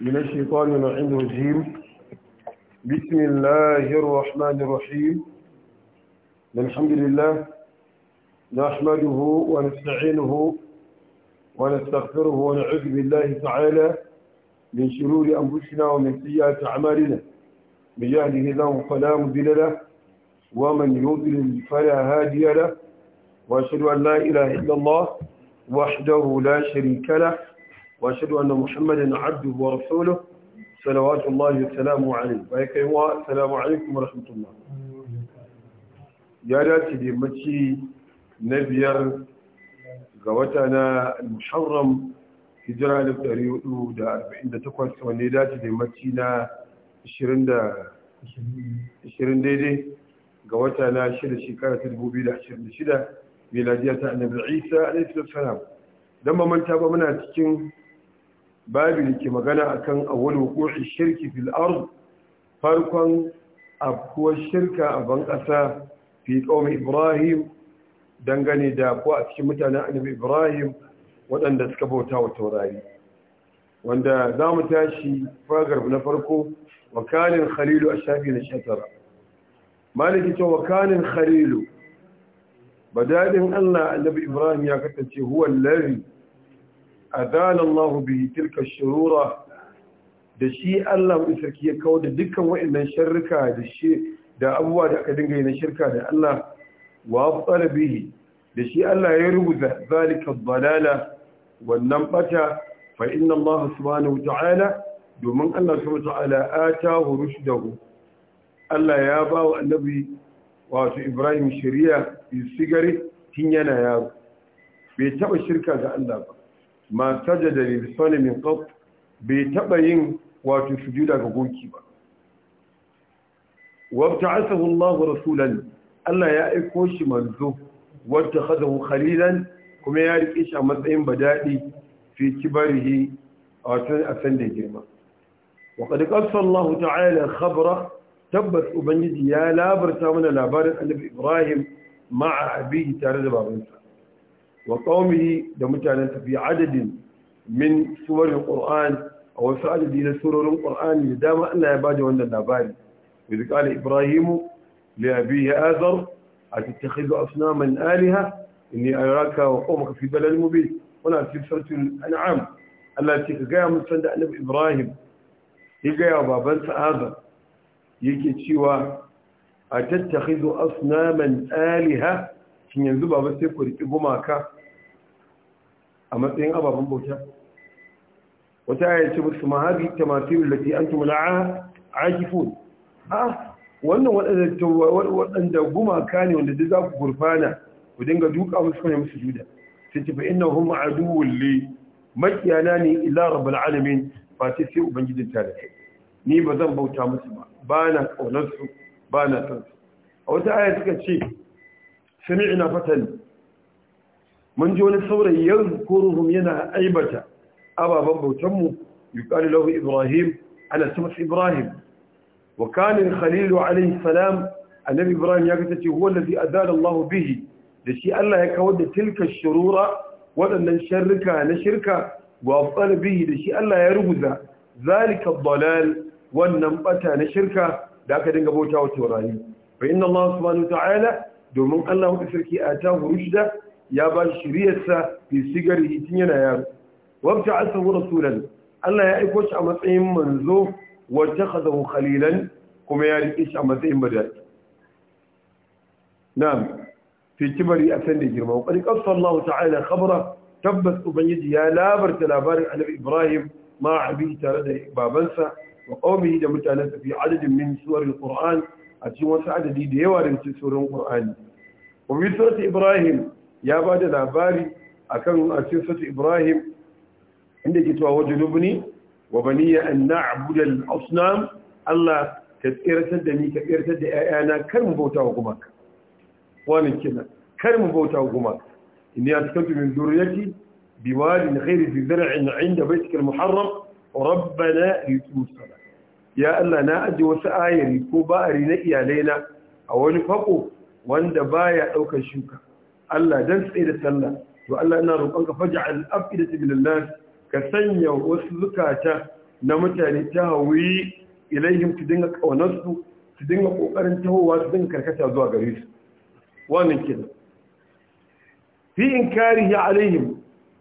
من الشيطان العين الرجيم بسم الله الرحمن الرحيم الحمد لله نحمده ونستعينه ونستغفره ونعوذ بالله تعالى من شرور أنفسنا ومن سيئات أعمالنا من يهده الله فلا مضل له ومن يضلل فلا هادي له وأشهد أن لا إله إلا الله وحده لا شريك له وأشهد أن محمدا عبده ورسوله صلوات الله وسلامه عليه ويكيوا السلام عليكم ورحمة الله يا راتي دي متي نبيار غوتنا المحرم hijira 1448 wanda ya dace da yammaci na 20 daidai ga wata na shekara ta 2026 miladiya ta annabi isa alaihi salam dan mamanta ba muna cikin babu ke magana akan Awali wuqu'i shirki Fil'ar farkon afkuwar shirka a Banƙasa ƙasa fi ibrahim dangane da ko a cikin mutanen annabi ibrahim waɗanda suka bauta wa taurari wanda za mu tashi fagar na farko wakalin khalilu a shafi na shatara maliki ta wakalin khalilu ba daɗin allah annabi ibrahim ya kasance huwan lari azala Allah bihi tilka shurura da shi Allah mai sarki ya kawo da dukkan waɗannan sharrika da shi da abubuwa da aka dinga yi na shirka da Allah wa afsala bihi da shi Allah ya rubuta zalika dalala wannan bata fa inna Allah subhanahu ta'ala domin Allah subhanahu ta'ala atahu rushdahu Allah ya ba wa annabi wato Ibrahim shari'a sigari tun yana yaro bai taɓa shirka ga Allah ba ma sajada lil min qat bai taɓa yin wato sujuda ga goki ba Allah ya aiko shi manzo ايكوشي منزو khalilan kuma ya rike shi a matsayin badadi fi kibarihi a watan asan da girma wa qad qassa Allah ta'ala khabra tabbas ubangiji ya labarta mana labarin annabi Ibrahim ma'a abihi tare da babansa wa qaumihi da mutanen tafi adadin min suwarin qur'an a wasu adadi na surorin qur'ani da dama Allah ya da wannan labari idh qala ibrahimu li ya azar atattakhidhu asnaman alaha inni araka wa qaumaka fi dalal mubin wannan cikin suratul an'am Allah ce ka gaya mun san da annabi ibrahim ya wa babansa azar yake cewa a tattakhidhu asnaman aliha, shin yanzu baba sai ku riki gumaka a matsayin ababen bauta wata ya ce musu mahabi tamatirin lati an tumula a akifun a ah, wannan waɗanda gumaka ne wanda duk za ku gurfana ku dinga duka musu kwaye musu juda sai ce fa ina hun ma'aduwun le makiyana ne ila rabbal alamin ba ta sai ubangijin tare ni ba zan bauta musu ba ba na ƙaunarsu ba na sansu a wata aya suka ce sami'ina fatan. mun ji wani saurayi yan kuruhum yana aibata ababen bautanmu yuqalu lahu ibrahim ala ibrahim wa Khalilu khalil alayhi salam annabi ibrahim ya kace ce huwa allazi adala bihi da shi allah ya kawar da tilka shurura waɗannan sharrika na shirka wa afdal bihi da shi allah ya rubuta zalika dalal wannan bata na shirka da aka dinga bautawa taurari fa inna allah subhanahu wa ta'ala domin allah ya sarki atahu rushda ya ba shi shiriyarsa fi sigari tun yana yaro wabta asahu rasulan Allah ya aiko shi a matsayin manzo wa takhadahu khalilan kuma ya rike shi a matsayin badaki na'am fi kibari a san da girma qad qassa Allah ta'ala khabara tabbas ubangiji ya labarta labarin annabi Ibrahim ma abi tare da babansa wa qaumihi da mutanansa fi adadin min suwar al-Qur'an a cikin wasu adadi da yawa da cikin surorin Qur'ani wa bi surati Ibrahim ya ba da labari a kan sati ibrahim inda ke cewa wajen lubni wa baniya an na'budu al-asnam Allah ka tsirtar da ni ka tsirtar da 'ya'yana kar mu bauta wa gumaka wani kenan kar mu bauta wa gumaka inni askantu min dhurriyyati biwadin ghayri dhi zar'in 'inda baytika al-muharram rabbana yutus ya Allah na aje wasu ayari ko ba'ari na iyalaina a wani fako wanda baya daukar shuka Allah dan tsaye da sallah to Allah ina roƙonka faj'al afidatu min nas ka sanya wasu zukata na mutane ta hawi ilaihim su dinga kaunar su dinga kokarin tahowa su dinga karkata zuwa gare su wannan kenan fi inkarihi alaihim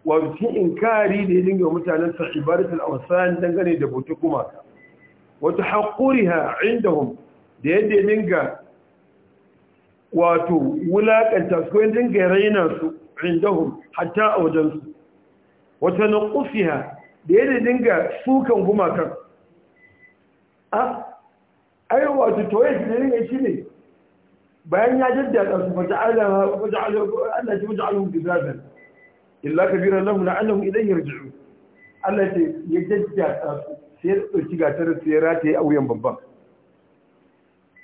wa fi inkari da ya dinga mutanen sa ibadatul awsan dangane da bauta kuma wa haƙuriha indahum da yadda ya dinga wato wulakanta su ko dinga raina su indahum hatta a wajensu wata na ƙufiya da ya dinga sukan gumakan a ayi wato toye ne dinga shi ne bayan ya jaddada su fata Allah ce wajen alhun gizaben illa kabiran lahu na annahun idan ya rajiju Allah ce ya jaddada su sai ya ɗauki gatar sai ya rataye a wuyan babban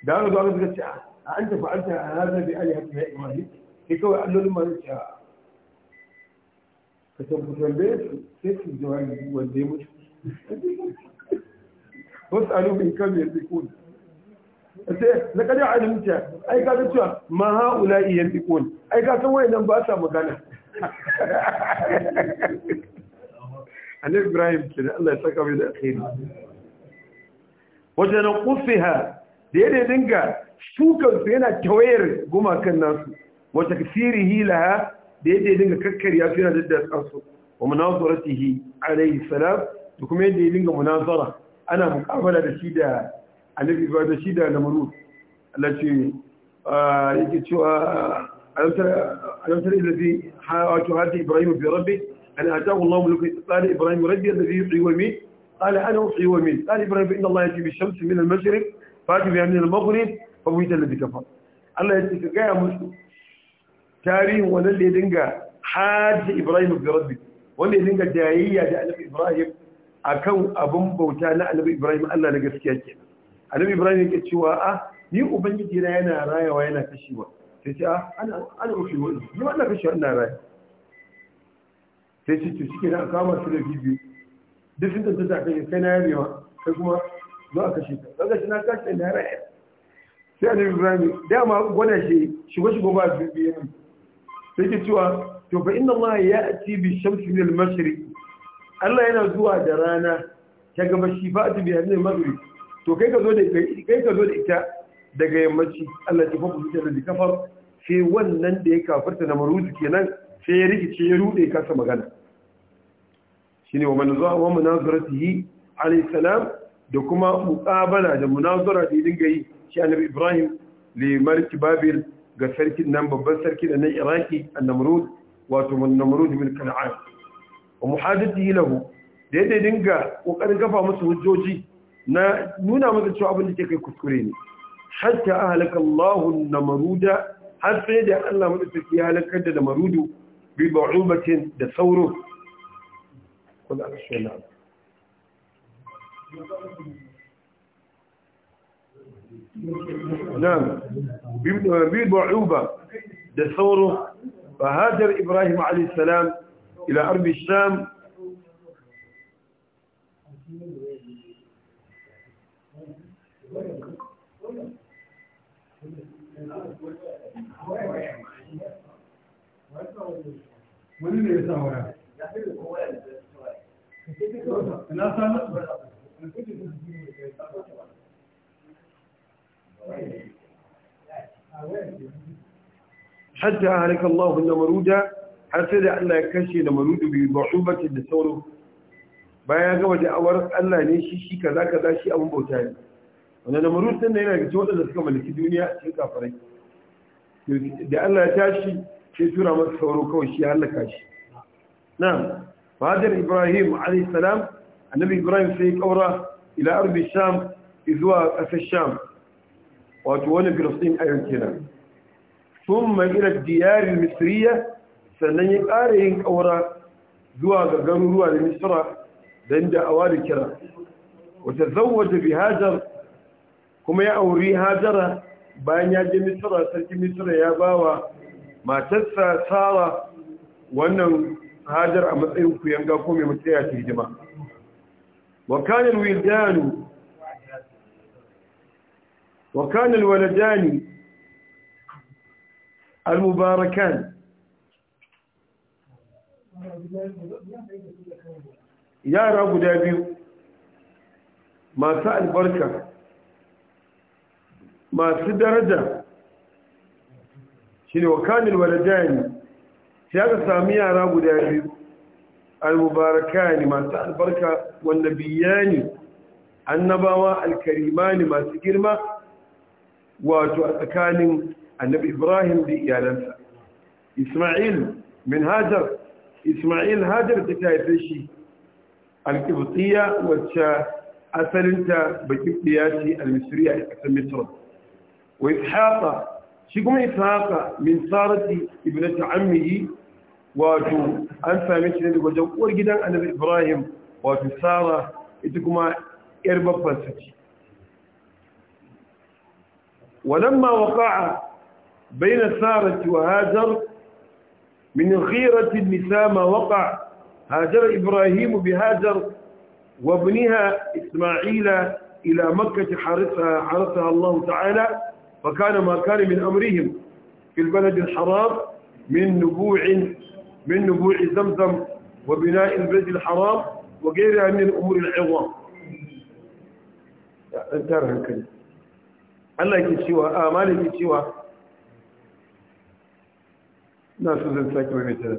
da wani zuwa suka ce a ah, أنت فعلت هذا بآلهة إبراهيم في كوي أنه لما رجع فتبقى البيت كيف الجوال والديمش بس قالوا من كم يدكون لقد علمت أي قال ما هؤلاء يدكون أي قال سوي نباسة مدانة أنا إبراهيم كده الله يسكى من الأخير وجنقفها da ya dinga shukansu yana tawayar gumakan nasu wata kasirihi laha da ya dinga kakkarya su yana daddatsansu wa munazaratihi alaihi salam da kuma yadda ya dinga munazara ana mukabala da shi da annabi ba da shi da namuru Allah ce yake cewa alamtar ilazi wato hati ibrahim fi rabbi an atahu Allah mulku qala ibrahim rabbi alladhi yuhyi wa yumiit qala ana uhyi wa yumiit qala ibrahim inna Allah yati bi shamsi min al-mashriq fati biya ne al-maghrib fa wita alladhi kafa Allah ya ce ka gaya musu tarihin wannan da ya dinga hajji Ibrahim bi rabbi wanda ya dinga jayayya da Annabi Ibrahim akan abun bauta na Annabi Ibrahim Allah na gaskiya ke Annabi Ibrahim yake cewa a ni ubangiji na yana rayawa yana kashewa sai ce a ana ana wani ni wannan kashewa ina raya sai ce to shike na kama su da bibi duk sun tantance kai kai na yabewa kai kuma za a kashe ka kaga shi na kashe da naira ɗaya sai annabi ibrahim dama gwada shi shigo shigo ba su biye min sai ke cewa to fa inna allaha ya'ti bi shamsi min al Allah yana zuwa da rana ta gabashi ba ta biya ne maghrib to kai ka zo da kai ka zo da ita daga yammaci Allah ta fafu zuciya da kafar sai wannan da ya kafarta na maruzu kenan sai ya rikice ya rude kasa magana shine wa man zuwa wa munazaratihi alayhi salam da kuma muƙabala da munazara da dinga yi shi annabi Ibrahim li malik Babil ga sarki nan babban sarki da na Iraki annamrud wato annamrud min Kan'an wa muhadatihi lahu da yadda dinga kokarin gafa musu hujjoji na nuna masa cewa abin da ke kai kuskure ne hatta ahlaka Allahu annamruda har sai da Allah madaukaki ya halakar da marudu bi ba'ubatin da sauro shi نعم بيبو عوبة دثوره فهاجر إبراهيم عليه السلام إلى أرض الشام ولم يساوي hatta halaka Allah na maruda har sai da Allah ya kashe da biyu bi ba'ubatin da sauro bayan ya gama Allah ne shi shi kaza kaza shi abin bauta ne wanda da marud din yana ga waɗanda suka mallaki duniya a cikin da Allah ya tashi sai tura masa sauro kawai shi halaka shi na'am fadar Ibrahim alayhi annabi ibrahim sai ya kaura ila arbi sham zuwa ƙasar sham wato wani filistin a yankinan sun ma'ira diyarin misriya sannan ya ƙara yin ƙaura zuwa ga garuruwa da misra don da'awa da kira wata zauwata bi hajar kuma ya auri hajara bayan ya je misra sarki misra ya ba wa matarsa tsara wannan hajar a matsayin kuyanga ko mai matsaya ta hidima وكان الولدان وكان الولدان المباركان يا رب دابيو ما سأل بركة ما سد رجع وكان الولدان سيادة سامية رب دابيو al ne masu albarka wanda annabawa al-karimani masu girma wato a tsakanin annabi ibrahim da iyalansa isma'il min hajar isma'il hajar ta haife shi al-kibtiya wacce asalinta bakin ce al-misriya a ƙasar misra wa ishaqa shi kuma ishaqa min sarati ibnati ta'ammihi wato an same shi ne daga wajen uwar gidan annabi ibrahim wato sara ita kuma ولما وقع بين سارة وهاجر من غيرة النساء ما وقع هاجر إبراهيم بهاجر وابنها إسماعيل إلى مكة حرسها, حرسها الله تعالى فكان ما كان من أمرهم في البلد الحرام من نبوع من نبوع زمزم وبناء البيت الحرام وغيرها من الأمور العظام انتهى هنكلي Allah yake cewa a malam yake cewa na su zan sake mai tare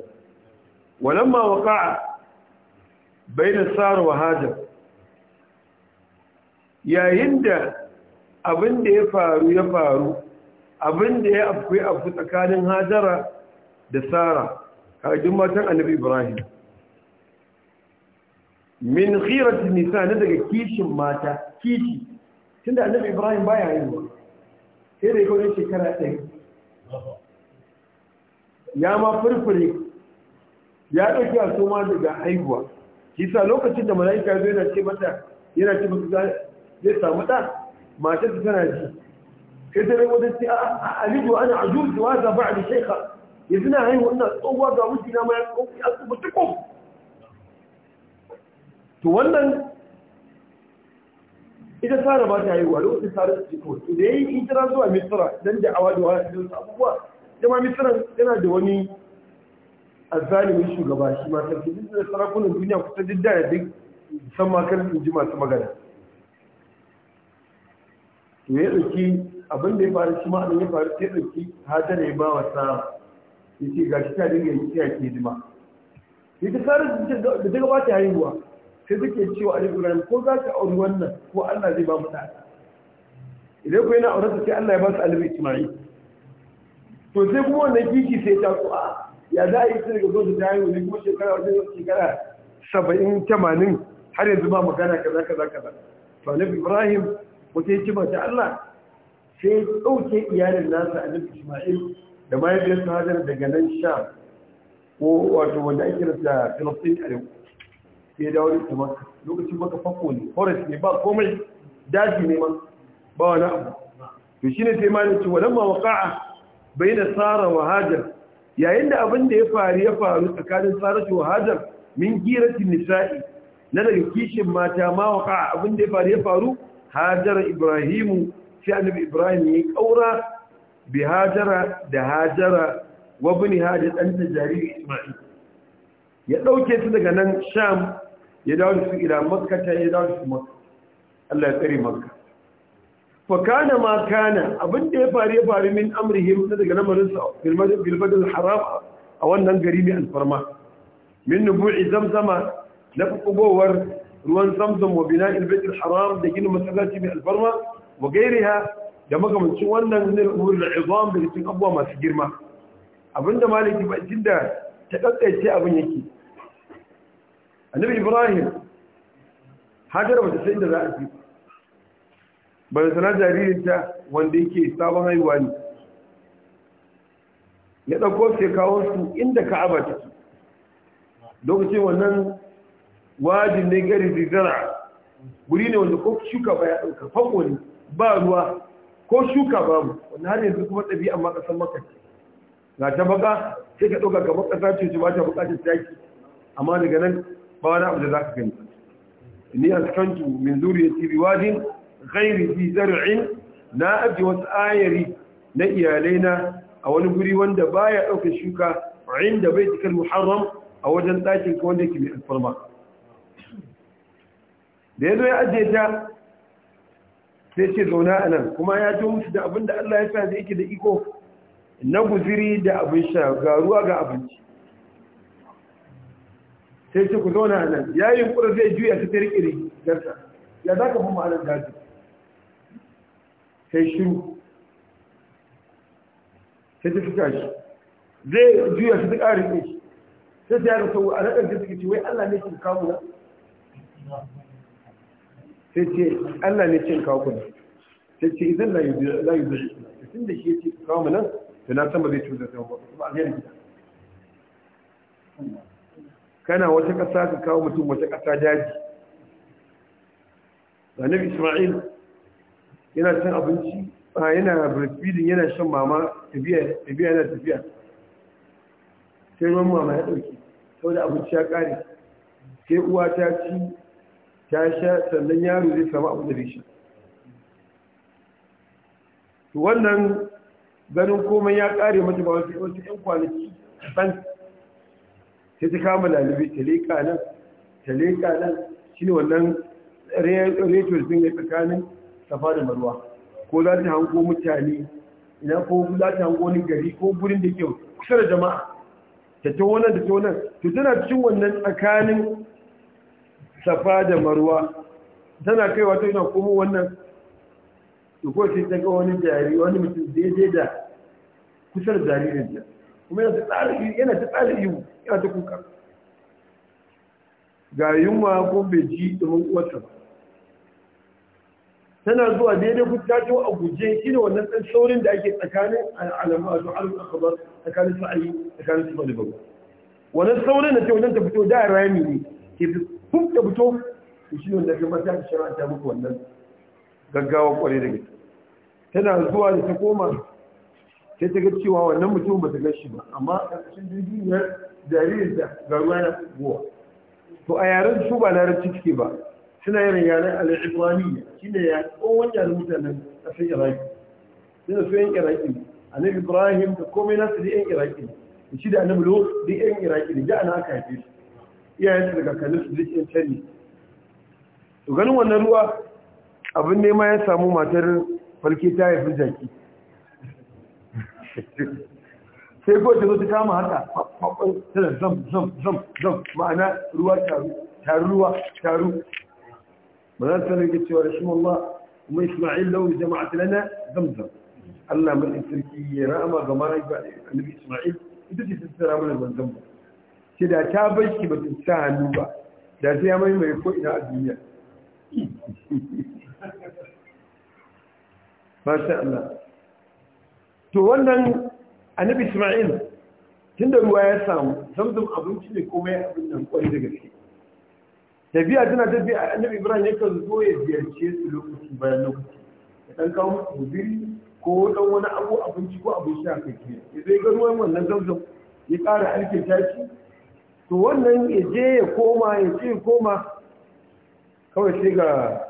walamma waqa'a baina sar wa hajar yayin da abin da ya faru ya faru abin da ya afkwai afu tsakanin hajara da sara a duk matan annabi ibrahim min khirati nisa na daga kishin mata kiti tunda annabi ibrahim baya haihuwa sai da yake shekara ɗaya ya ma furfure ya ɗauki a soma daga haihuwa kisa lokacin da mala'ika zai na ce mata yana ce mata zai samu ɗa matar tana ji sai ta rai wajen a alidu ana ajuzu wa za ba a da yanzu na haihu wannan tsohuwa ga wuce na mayar kofi a asibiti ko to wannan ita tsara ba ta yi wa lokacin tsara su ko to da ya yi hijira zuwa misira don da awa da wani cikin abubuwa jama misira yana da wani azalimin shugaba shi ma sarki duk da sarakunan duniya kusa duk da ya duk san makar kan sun ji masu magana to ya ɗauki abin da ya faru shi ma ya faru sai ɗauki hajjar ya ba wa sa ya ce ga shi ta dinga yi ta ke hidima ya ta kare da ta gabata haihuwa sai take cewa a ibrahim ko za ka auri wannan ko allah zai ba mu ɗa idan ku yana aurata sai allah ya ba su alibi ismai to sai kuma wannan kiki sai ta ku a ya za a yi su daga zo da ta haihu ne kuma shekara wajen shekara saba'in tamanin har yanzu ba magana kaza kaza kaza to alibi ibrahim wata ba ta allah sai ɗauke iyalin nasa alibi ismail da mahaifiyarsa hajar daga nan sha ko wato wanda ake rasa filistin a yau sai dawo da wani maka lokacin maka fako ne forest ne ba komai daji ne ma ba wani abu to ne sai ma ne ce walamma bai na tsara wa hajar yayin da abin da ya faru ya faru tsakanin sara wa hajar min giratin nisa'i na daga kishin mata ma waqa'a abin da ya faru ya faru hajar ibrahimu sai annabi ibrahim ya kaura bi hajara da hajara wa buniha da ɗanta jariri isma'il ya ɗauke su daga nan sham ya dawo da su ila makka ya dawo da su makka Allah ya tsari makka fa kana ma kana abinda ya faru ya faru min amrihim ta daga lamarin su filmadin haram a wannan gari mai alfarma min nubu'i zamzama na kubowar ruwan zamzam wa bina'il baitul haram da gina masallaci mai alfarma wa gairiha da makamancin wannan zai umar da izam da cikin abuwa masu girma abinda maliki ba da ta kakkaice abin yake annabi ibrahim Hajar ba ta sai da za a fi ba da sana jaririnta wanda yake sabon haihuwa ne ya ɗauko sai kawo su inda ka'aba take lokacin wannan wajin ne gari zara, guri ne wanda ko shuka ba ya ɗauka fanko ne ba ruwa ko shuka babu wani har yanzu kuma ɗabi'an ma ƙasar maka na ta baka sai ka ɗauka kamar ƙasa ce ba ta buƙatar taki amma daga nan ba wani abu da za ka gani ni askantu min zuriyati biwadin ghairi fi zar'in na aji wasu ayari na iyalaina a wani guri wanda baya ɗaukar shuka inda bai cikar muharram a wajen ɗakin ka wanda ke mai alfarma da ya zo ya ajiye ta sai ce zauna a nan kuma ya jo musu da abin da Allah ya sa da yake da iko na guziri da abin sha ga ruwa ga abinci sai ce ku zauna a nan ya yi kura zai juya ta tarkiri garsa ya za ka fi ma'anar daji sai shiru sai ta fita shi zai juya ta ƙarin shi sai ta yara sau a raɗar da suke ce wai Allah ne shi kamu na sai ce Allah ne cin kawo kuma sai ce idan zuri yuzu tun da shi ya ce kawo mu nan to na san zai cuta sai ba ba alheri gida kana wata ƙasa ka kawo mutum wata ƙasa daji annabi Isma'il yana cin abinci yana breastfeeding yana shan mama tafiya yana tafiya sai ruwan mama ya ɗauki sau da abinci ya ƙare sai uwa ta ci ta sha sannan yaro zai samu abu da bishi to wannan ganin komai ya kare mata ba wasu wasu ɗan kwanaki ban sai ta kama lalibi ta leƙa nan ta leƙa nan shi ne wannan retos sun ya tsakanin safa da marwa ko za ta hango mutane ina ko za ta hango wani gari ko gurin da ke kusa da jama'a ta ta wannan da ta wannan to tana cin wannan tsakanin safa da marwa tana kai wato yana komo wannan ko sai ta ga wani jari wani mutum daidai da kusan da jaririn ta kuma yana ta tsari yana ta tsari yiwu yana ta kuka ga yunwa ko bai ji domin wata ba tana zuwa daidai ku ta a guje shi ne wannan ɗan saurin da ake tsakanin al'alamu a zuwa akabar tsakanin sa'ayi tsakanin su babu. wannan saurin da ce wajen ta fito da rami ne ke kun ka fito shi ne daga mata da shara ta muku wannan gaggawa kwarai da gaske tana zuwa da ta koma sai ta ga cewa wannan mutum ba ta ga shi ba amma a ƙarƙashin jirginiyar jaririnta ga ruwa na gowa to a yaren su ba larar ciki ba suna yin yaren al'ibrani shi ne ya tsohon yaren mutanen ƙasar iraki suna su yan iraki annabi ibrahim da komai nasu da yan iraki da shi da annabi lo da yan iraki da ja na aka haife su su daga kanin su duk yanta ne to ganin wannan ruwa abin nema ya samu matar falke ta haifi jaki sai ko ta zo ta kama haka faɓaɓɓen tana zam zam zam zam ma'ana ruwa taru taru ruwa taru ba za ta rage cewa rashin Allah kuma Ismail launi jama'a lana zam zam Allah mai sarki ya rama ga mara annabi Ismail ita ce ta tsara mana zam zam ba ce da ta bar ba ta sa hannu ba da sai ya mai mai ko ina a duniya masha Allah to wannan annabi Isma'il tun da ruwa ya samu zamzam abinci ne kuma ya abin nan kwari daga shi tafiya tana tafiya annabi Ibrahim yakan zo ya ziyarce su lokaci bayan lokaci ya dan kawo musu gudiri ko dan wani abu abinci ko abin sha kai ya zai ga ruwan wannan zamzam ya ƙara alkinta shi to wannan ya je ya koma ya ce koma kawai sai ga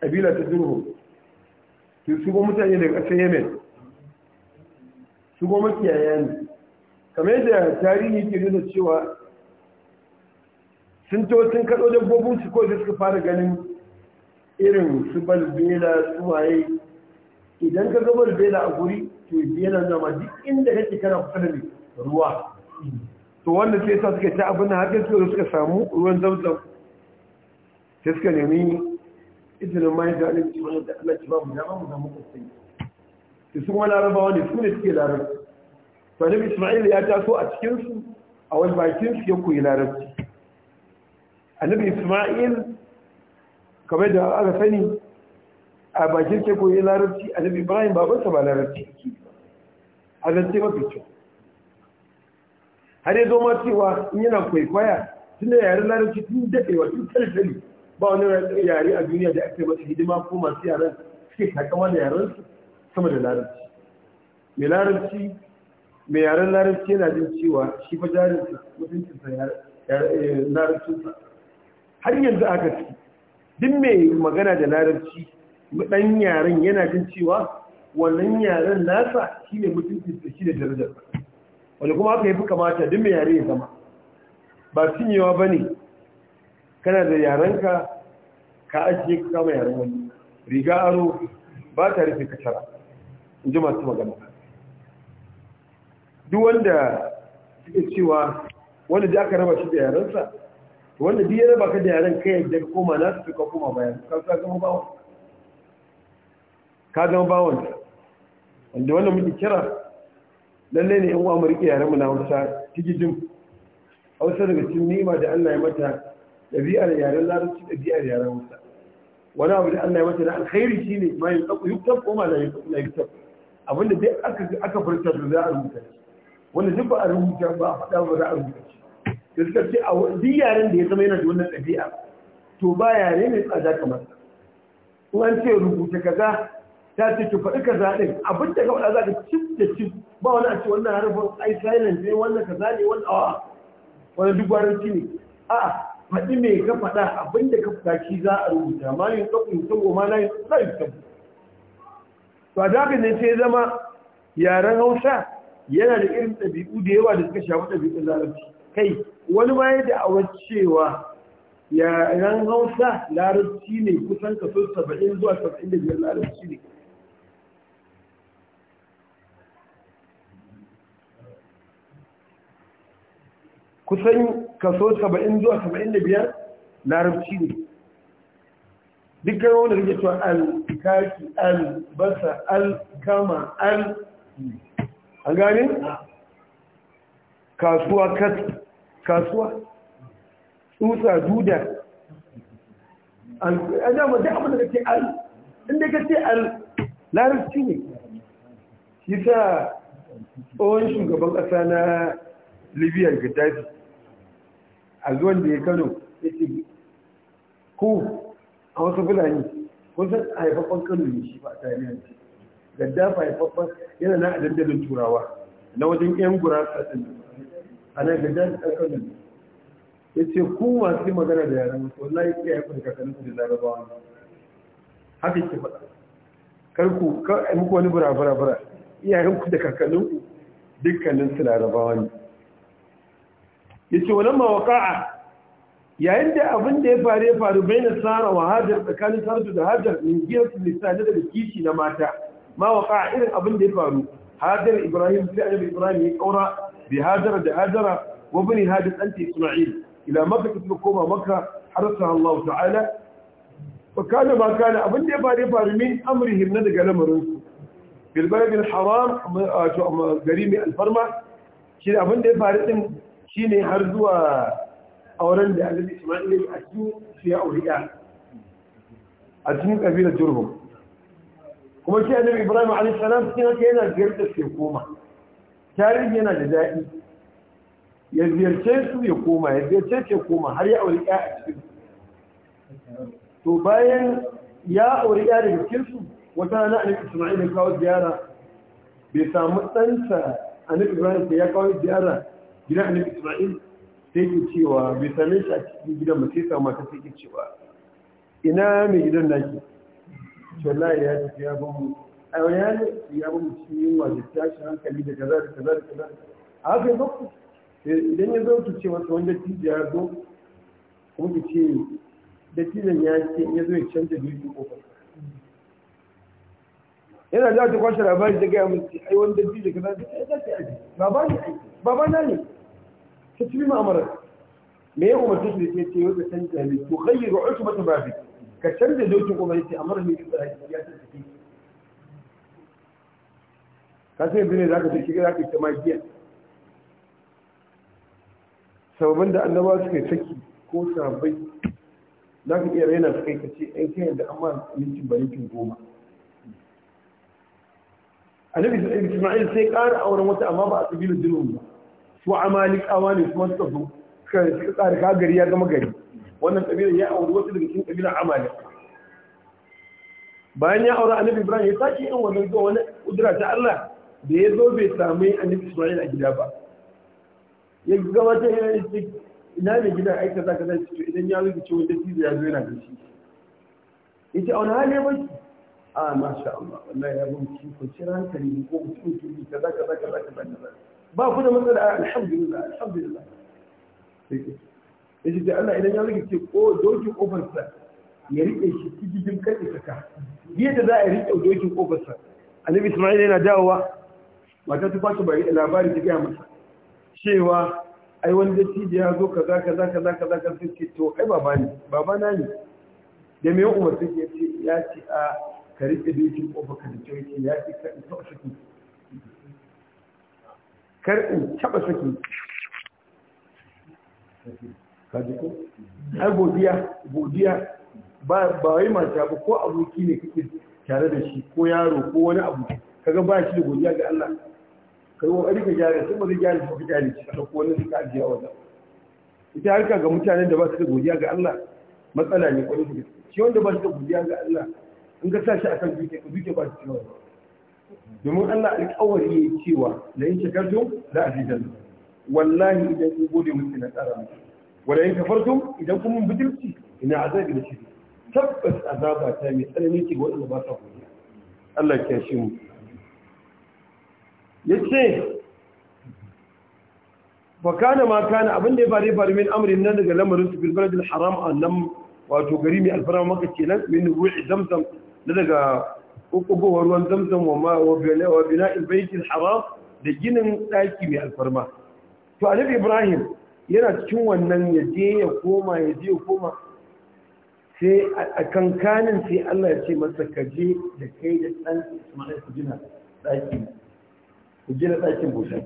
ƙabila ta durhu su shigo mutane daga ƙasar yemen shigo makiyaya ne kamar da tarihi ke nuna cewa sun to sun kaɗo dabbobin su kawai suka fara ganin irin su balbela su waye idan ka ga balbela a guri to yana zama duk inda kake kana kusa da ruwa to wanda sai sa suka ta abin da haɗin su suka samu ruwan zamzam sai suka nemi izinin mai da alim wani da Allah ci ba mu dama mu zama kwastai su sun wani larabawa ne su ne suke larabci to annabi isma'il ya taso a cikinsu a wani bakin su ya koyi larabci annabi isma'il kamar da aka sani a bakin ke koyi larabci annabi ibrahim babansa ba larabci yake a zance mafi kyau har ya zo ma cewa in yana kwaikwaya tun da yaren larabci tun daɗewa tun talitali ba wani yare a duniya da aka yi masa hidima ko masu yaren suke takama da yaren su sama da larabci mai larabci mai yaren larabci yana jin cewa shi fa jarin mutuncinsa eh, larabcinsa har yanzu aka ci duk mai magana da larabci dan yaren yana jin cewa wannan yaren nasa shi ne mutuncinsa shi da darajarsa wani kuma aka yi fi kamata duk mai yare ya zama ba yawa ba ne kana da yarenka ka ajiye ka kama yaren wani riga aro ba ta rufe kacara in ji masu magana duk wanda suke cewa wanda da aka raba shi da yarensa wanda biyar ba ka da yaren kai da ka koma na su ka koma bayan ka zama bawon ka zama bawon wanda wannan muke kira lallai ne yan uwa mu rike yaran mu na Hausa tigijin Hausa daga cikin nima da Allah ya mata dabi'ar yaren larabci dabi'ar yaren Hausa wani abu da Allah ya mata da alkhairi shine ma yin tsaku yuktab ko ma la yin la yuktab abinda dai aka aka furta da za a rubuta shi wanda duk ba a rubuta ba a faɗa ba za a rubuta shi da suka ce a duk yaren da ya zama yana da wannan ɗabi'a to ba yare mai tsada kamar sa in an ce rubuta kaza ta ce to faɗi kaza ɗin Abinda ka faɗa za ka cif da cif ba wani a ce wannan harafin ai silent ne wannan za ne wannan awa wani duk ki ne a faɗi mai ka faɗa abinda ka fita shi za a rubuta ma yin ɗaukun sabo ma na yin bu to a daga ne sai zama yaren hausa yana da irin ɗabi'u da yawa da suka shafi da larabci kai wani ma yadda a cewa yaren hausa larabci ne kusan kaso saba'in zuwa saba'in da biyar larabci ne kusan kaso 70 zuwa 75 larabci ne dukkan wanda rike cewa al-kaki al-basa al-kama al an gane? kasuwa kasuwa tsutsa duda an eh, dama da abin da kake al inda kake al larabci ne shi sa tsohon shugaban ƙasa na libya gaddafi a zuwan da ya kano ya ce ku a wasu fulani kun san a haifafan kano ne shi ba a tarihin shi gaddafa haifafan yana na a dandalin turawa na wajen yan gurasa ɗin a nan gaddafa ɗan kano ne ya ce ku masu magana da yaran wallahi ya haifar da kakannin da larabawa haka ke faɗa karku kar a muku wani bura bura iyayenku da kakanninku dukkanin su larabawa ne yace wannan mawaqa'a yayin da abin da ya faru ya faru bayin sara wa hajar tsakanin sardu da hajar min giyatu lisani da kishi na mata mawaqa'a irin abin da ya faru hajar ibrahim sai annabi ibrahim ya kaura bi hajara da hajara wa bani hajar anti isma'il ila makka kuma koma makka harsa Allah ta'ala wa kana ma kana abin da ya faru ya faru min amrihim na daga lamarin su bil balad al haram to gari mai alfarma shi abin da ya faru din shine har zuwa auren da annabi Isma'il ya a cikin fiya 'ya a cikin ƙabila Jurhum kuma shi annabi Ibrahim alayhi salam cikin haka yana ziyartar sai koma tarihi yana da daɗi ya ziyarce su ya koma ya ziyarce su ya koma har ya aure ya a cikin to bayan ya aure ya daga cikin su wata na annabi Isma'il ya kawo ziyara bai samu ɗansa annabi Ibrahim ya kawo ziyara gidan annabi Isra'il sai ke cewa bai same shi a cikin gidan mace sai samu ta sai ke cewa ina mai gidan naki wallahi ya tafi ya bamu a ya ne ya bamu cikin yunwa da tashi hankali da kaza da kaza da kaza a haka ya zaku eh, idan ya zo ki ce wata wanda tije ya zo kuma ki ce da tijen ya ce ya zo ya canza jirgin kofar yana da ta kwashe labari da gaya musu ai wanda tije kaza da kaza ta aiki baba ne aiki Babana ne ta ci ma amara me ya umarta shi da ke ce yau da canza ne to khayru usbatu babi ka canza dokin umarci amara ne da ya tsaki ka sai bane zaka ce shiga zaka ta magiya sababan da annaba suka saki ko sabai za ka iya raina su kai ka ce ɗan kayan da amma mintin ba mintin goma annabi isma'il sai ƙara auren wata amma ba a tsibirin zulun ba su amalikawa ne kuma suka zo suka tsara ka gari ya zama gari wannan ƙabilar ya auri wasu daga cikin ƙabilar amalik bayan ya auri annabi ibrahim ya sake yin wannan zuwa wani kudura ta allah da ya zo bai sami annabi ismail a gida ba ya gabata ya yi ina ne gida aika za ka zai idan ya zuci cewa da cizo ya zo yana da shi ya ce a wani hali mai a ah, masha allah wallahi ya zo mutum kwanciyar hankali ko mutum tuni ka za ka za ka za ka za ka ba ku da matsala alhamdulillah alhamdulillah ya ce Allah idan ya rike ce ko dokin ofarsa ya rike shi cikin kai kan ka. biye da za a rike dokin ofarsa annabi Isma'il yana dawowa mata ta kwace bai labari ta gaya masa cewa ai wani da ya zo kaza kaza kaza kaza kaza sai ce to ai baba ne baba na ne da me umar sai ya ce ya ce a ka rike dokin ofarka da cewa ya ce ka isa shi kar in taba saki kaji ai godiya godiya ba wai mata ba ko aboki ne kake tare da shi ko yaro ko wani abu kaga ba shi da godiya ga Allah kai wa ka gyara sai ba gyara shi ka gyara shi ka ko wani suka ajiye a wajen ita harka ga mutanen da ba su da godiya ga Allah matsala ne kwarai da gaske shi wanda ba su da godiya ga Allah in ka sa shi akan duke ka duke ba shi cewa. domin Allah alƙawari ya yi cewa da yin shakartum za a fi wallahi idan kun gode mutu na tsara mutu wadda yin kafartum idan kun mun bidilci ina azabi da shi tabbas azaba ta mai tsanani ce ga waɗanda ba sa godiya Allah ya shi mu ce ba kana ma kana abin da ya faru faru min amurin nan daga lamarin su bil baladil haram nan wato gari mai alfarma maka nan min ruhi zamzam na daga ƙuƙugowar ruwan zamzam wa bina ilbaikin haram da ginin daki mai alfarma to alif ibrahim yana cikin wannan ya je ya koma ya je ya koma sai a kankanin sai allah ya ce masa ka je da kai da ɗan ismail ku gina ɗakin ku gina ɗakin bushe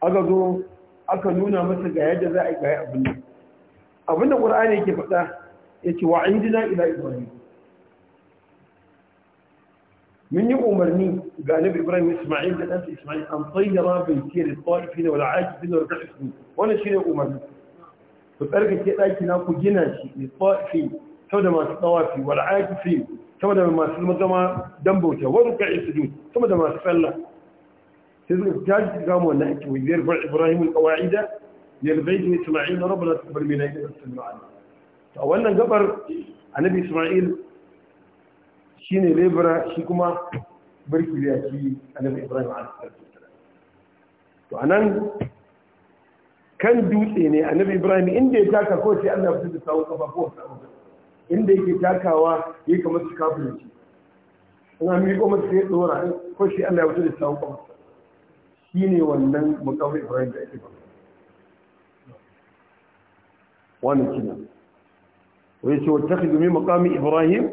aka zo aka nuna masa ga yadda za a yi abin nan da ƙur'ani yake faɗa yake ce wa indina ila ibrahim من يوم أمرني قال نبي إبراهيم إسماعيل الأنس إسماعيل أن طير بيتي للطائفين والعاجزين والكعسين وأنا شيء أمرني فبأرجع كي أيتي ناكو جناشي للطائفين ثم ما الطوافي والعاجزين ثم ما في المدمى دنبوته وركع السجود ثم ما سفلة تذكر تاج قام ونحكي ويرفع إبراهيم القواعد يلبيت إسماعيل ربنا تقبل منا إلى السلام عليكم فأولا قبر النبي إسماعيل shi ne lebura shi kuma birki da shi annabi ibrahim alaihi to anan kan dutse ne annabi ibrahim inda ya taka ko sai Allah ya fita da sawun kafa ko sawun inda yake takawa ya kamar su kafirci ina miƙo masa sai dora ko shi Allah ya fita da sawun kafa shine wannan mukawar ibrahim da ake ba Wani kina wai ce wata khidmi maqami ibrahim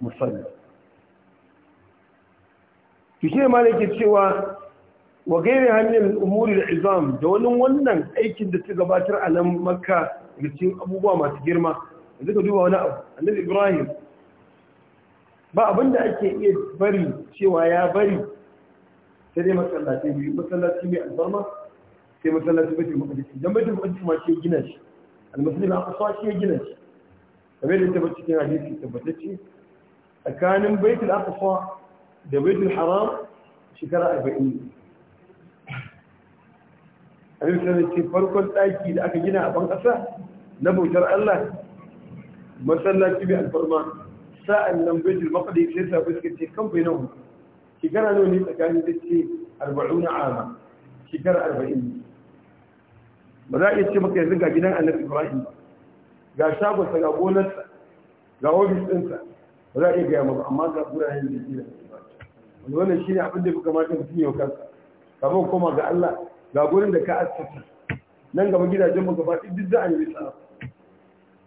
musalla shi ma yake cewa wa gairi hanyar umuri da izam da wani wannan aikin da ta gabatar a nan makka da cikin abubuwa masu girma da suka duba wani abu annabi ibrahim ba abin da ake iya bari cewa ya bari sai dai masallaci biyu masallaci mai alfarma sai masallaci bai taimaka da shi don bai taimaka da shi ya gina shi almasulmi a kasuwa shi ya gina shi kamar da ta cikin hadisi tabbatacce tsakanin baitul aqsa da baitul haram shekara arba'in abin sanar ce farkon daki da aka gina a ban ƙasa na bautar Allah masallaci mai alfarma sa'an nan baitul maƙadai sai sabu suka ce kan bai nahu shekara nawa ne tsakanin da ce arba'un na ama shekara arba'in ba za a iya ce maka yanzu ga gidan annabi ibrahim ga shagonsa ga gonarsa ga ofis ɗinsa ba za a iya gaya maka amma ga guraren da ke da wani wannan shine abin da kamata mutum ya kansa kamar koma ga Allah ga gurin da ka asasa nan gaba gidajen ba gaba duk za a yi wisa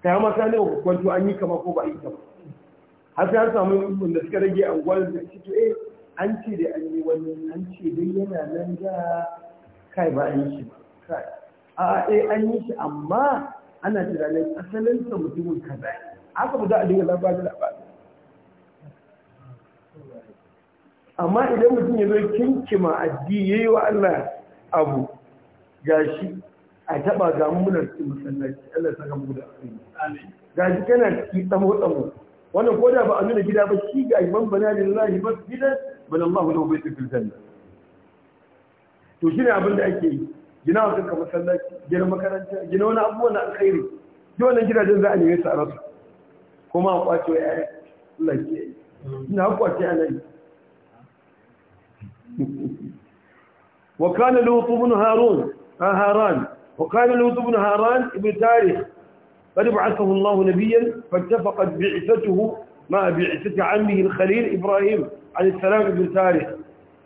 kai ma sai ne wa kwanto an yi kama ko ba a yi kama har sai an samu da suka rage anguwar da suke eh an ce da an yi wani an ce dai yana nan da kai ba an yi shi ba kai a eh an yi shi amma ana tunanin asalin sa mutumin kaza aka ba za a dinga labarin labarin amma idan mutum ya zo kinkima addini yayi wa Allah abu gashi a taba ga munar cikin masallaci Allah saka mu da amin gashi kana ci tsamo tsamo wannan ko da ba a nuna gida ba shi ga iman bana lillahi masjidan bana Allah lahu baytu fil janna to shine abin da ake yi gina wa kanka masallaci gina makaranta gina wani abubuwan na alkhairi duk wannan gidajen za a nemi su a rasu kuma a kwace wa Allah ke yi ina kwace a nan وكان لوط بن هارون آه، هاران وكان لوط بن هاران ابن تاريخ قد بعثه الله نبيا فاتفقت بعثته مع بعثة عمه الخليل إبراهيم عليه السلام ابن تاريخ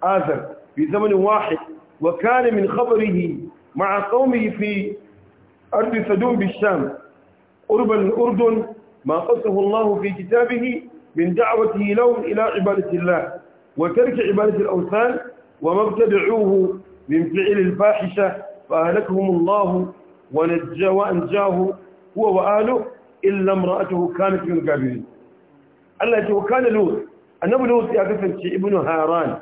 آثر في زمن واحد وكان من خبره مع قومه في أرض سدوم بالشام قرب الأردن ما قصه الله في كتابه من دعوته لهم إلى عبادة الله وترك عبادة الأوثان وما ابتدعوه من فعل الفاحشة فأهلكهم الله ونجى وأنجاه هو وآله إلا امرأته كانت من الكافرين الله يقول وكان لوط النبي لوط يا كسنتي ابن هاران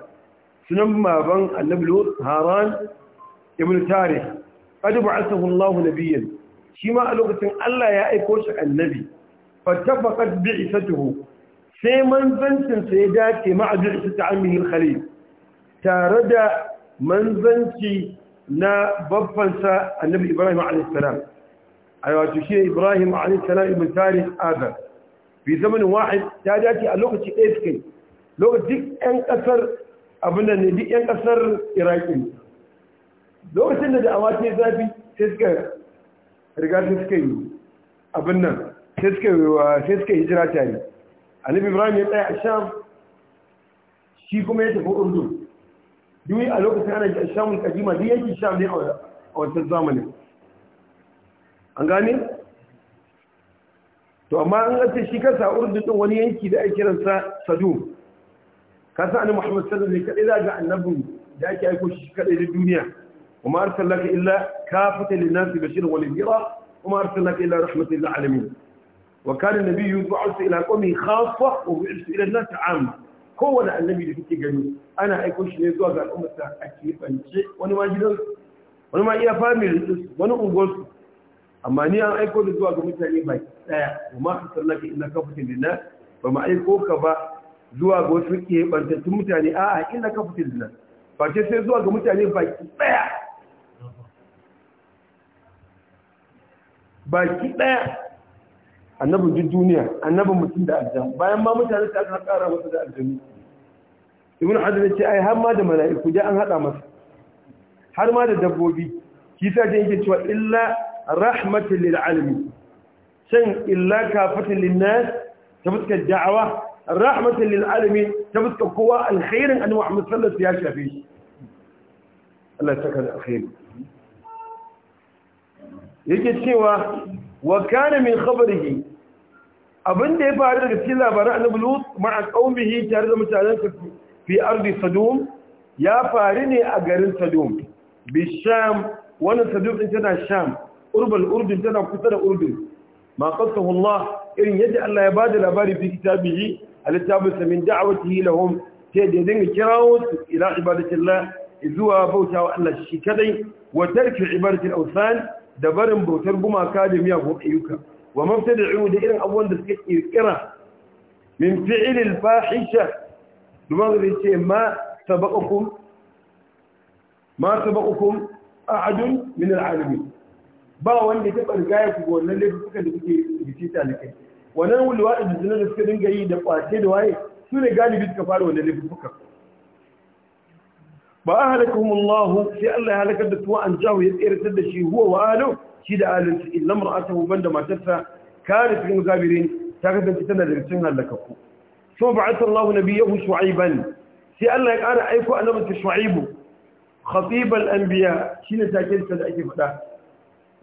سنما بن النبي لوط هاران ابن تاريخ قد بعثه الله نبيا شما ألوكة الله يا أيكوش النبي فاتفقت بعثته sai manzancinsa ya dace ma'ajin su ta amihil khalil tare da manzanci na babbansa annabi ibrahim a.s. a wato shi ibrahim a.s. ibn tarih azar Bi zamanin wahid ta dace a lokaci ɗaya suke lokacin ƴan ƙasar abin da ne duk ƴan ƙasar iraki lokacin da da awa ta zafi sai suka riga sai suka yi abin nan sai suka yi hijira tare annabi ibrahim ya tsaya a sham shi kuma ya tafi urdun duk a lokacin ana a shamun kadima duk yankin sham ne a wancan zamanin an gane to amma an gace shi kansa urdun din wani yanki da ake kiransa sadum kasa annabi muhammad sallallahu alaihi wasallam kadai da annabin da ake aiko shi kadai da duniya kuma arsalaka illa kafatan lin-nasi bashiran wa nadhira kuma arsalaka illa rahmatan lil-alamin wa kana nabiyyu yu'asu ila qawmi khaffa wa yu'asu ila an-nas 'amma kowane annabi da kake gani ana aiko shi ne zuwa ga al'ummarsa a kefance wani ma gidan wani ma iya family din wani unguwarsu amma ni an aiko da zuwa ga mutane ba daya kuma ma sallaka inna ka fitin dinna ba ma aiko ka ba zuwa ga wasu kebantattun mutane a a inna ka fitin dinna sai zuwa ga mutane ba daya baki ɗaya. annabin duk duniya annabin mutum da aljan bayan ma mutane ta aka kara masa da aljanu ibn hazm ce ai har ma da mala'iku da an hada masa har ma da dabbobi shi sa da yake cewa illa rahmatan lil alamin san illa kafatan lin nas ta fuskar da'awa rahmatan lil alamin ta fuskar kowa alkhairin annabi Muhammad sallallahu alaihi wasallam ya shafe shi Allah ya saka da alkhairi yake cewa wa kana min khabarihi abin da ya faru daga cikin labaran annabi lut ma'a qaumihi tare da mutanen sa fi ardi sadum ya faru ne a garin sadum bi sham wannan sadum din tana sham urbal urdun tana kusa da urdun ma qasahu Allah irin yadda Allah ya bada labari fi kitabihi al-kitabu min da'watihi lahum sai da dinga kirawo su ila ibadatillah zuwa bautawa Allah shi kadai wa tarki ibadatil awsan da barin bautar gumaka da miyagun ayyuka wa mabtada'u da irin abubuwan da suke kirkira min fi'ilil fahisha domin zai ce ma sabaqakum ma sabaqakum ahadun min al'alamin ba wanda ya taɓa ku ga wannan laifukan da kuke rikici talikai wannan wulwa da zina da suka dinga yi da kwace da waye su ne galibi suka fara wannan laifukan ba a sai Allah ya halakar da tuwa an ya tsere da shi huwa wa shi da ahalinsu illa mar'atahu da matarsa kare cikin gabirin ta kasance tana da cikin halakakku so ba'atha Allah nabiyahu shu'aiban sai Allah ya ƙara aiko annabinsa shu'aibu khatibal anbiya shine takin da ake faɗa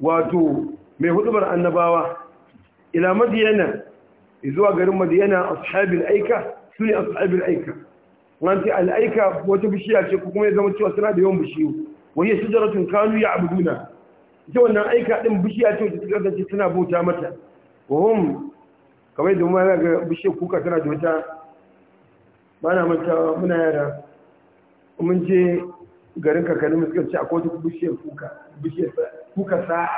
wato mai hudubar annabawa ila madiyana zuwa garin madiyana ashabul aika a ashabul aika wanda al aika wata bishiya ce kuma ya zama cewa suna da yawan bishiyu wani shajaratun kanu ya abuduna ita wannan aika din bishiya ce da suka zace suna bauta mata wahum kamar da mu ga bishiyar kuka tana da wata ba na manta muna yara mun je garin kakannin suka ce akwai wata bishiyar kuka bishiyar kuka sa'a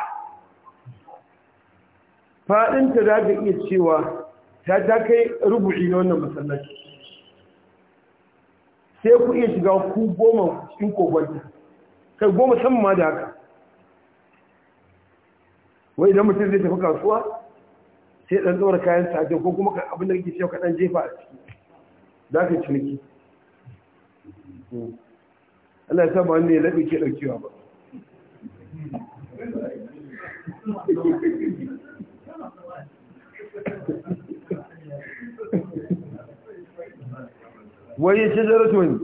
faɗinta za ta iya cewa ta ta kai rubu'i na wannan masallaci sai ku iya shiga ku goma cikin kogonta kai goma sama ma da haka wai idan mutum zai tafi kasuwa sai dan tsawar kayan saje ko kuma abin da kake cewa ka dan jefa a ciki za ka ciniki Allah ya saba wanda ya laɓe ke ɗaukewa ba ya ce zarato ne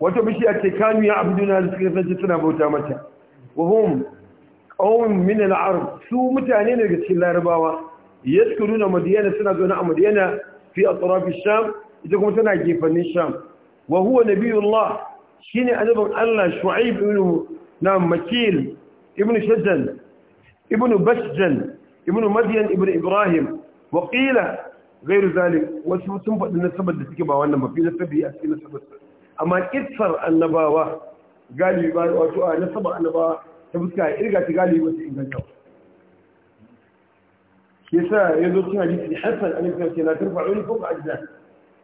wata bishiya ce kanu ya abduna da suka kasance suna bauta mata wahum qawm min al su mutane ne daga cikin larabawa nuna madiyana suna zo zaune a madiyana fi atraf sham ita kuma tana gefannin sham wa huwa shi ne annabin Allah shu'aib ibn na makil ibn shaddan ibn bashjan ibn madyan ibn ibrahim wa qila غير ذلك wasu sun faɗi na nasabar da suke ba wannan mafi nasabi a cikin nasabar amma kitsar annabawa galibi ba wato a nasabar annabawa ta fuska ya irga ta galibi wasu inganta ke sa ya zo cin hadisi hassan alifin ke na turfa wani a jiya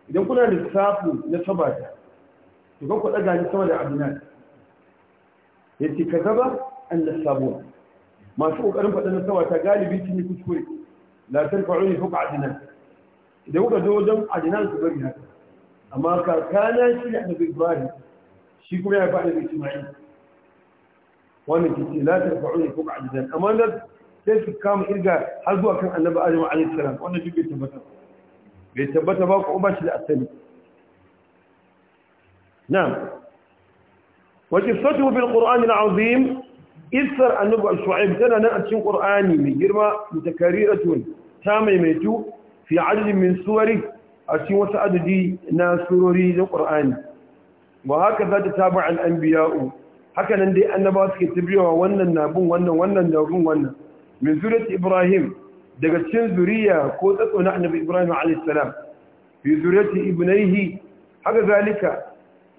idan kuna da safu na sabata to kan ku ɗaga ni sama da abinan ya ce ka zaba an da sabuwa masu ƙoƙarin faɗa na sabata galibi cin yi kuskure na turfa wani a jiya idan kuka zo a jiya su bari haka amma kana shi ne annabi ibrahim shi kuma ya faɗa da ismail wannan kici la tarfa'u fawqa ajdan amma nan sai su kama irga har zuwa kan annabi adam alayhi salam wannan duk bai tabbata bai tabbata ba ko ba shi da asali na na'am wa qissatuhu bil qur'an al azim isar annabi shu'aib tana nan a cikin qur'ani mai girma da ta ta maimaitu fi adadin min suwari a cikin wasu adadi na surori na qur'ani wa haka za ta tabi al anbiya'u haka nan dai annaba suke tabbiyawa wannan na wannan wannan na bin wannan min zuriyat ibrahim daga cikin zuriya ko tsatso na annabi ibrahim alayhi salam fi zuriyati ibnaihi haka zalika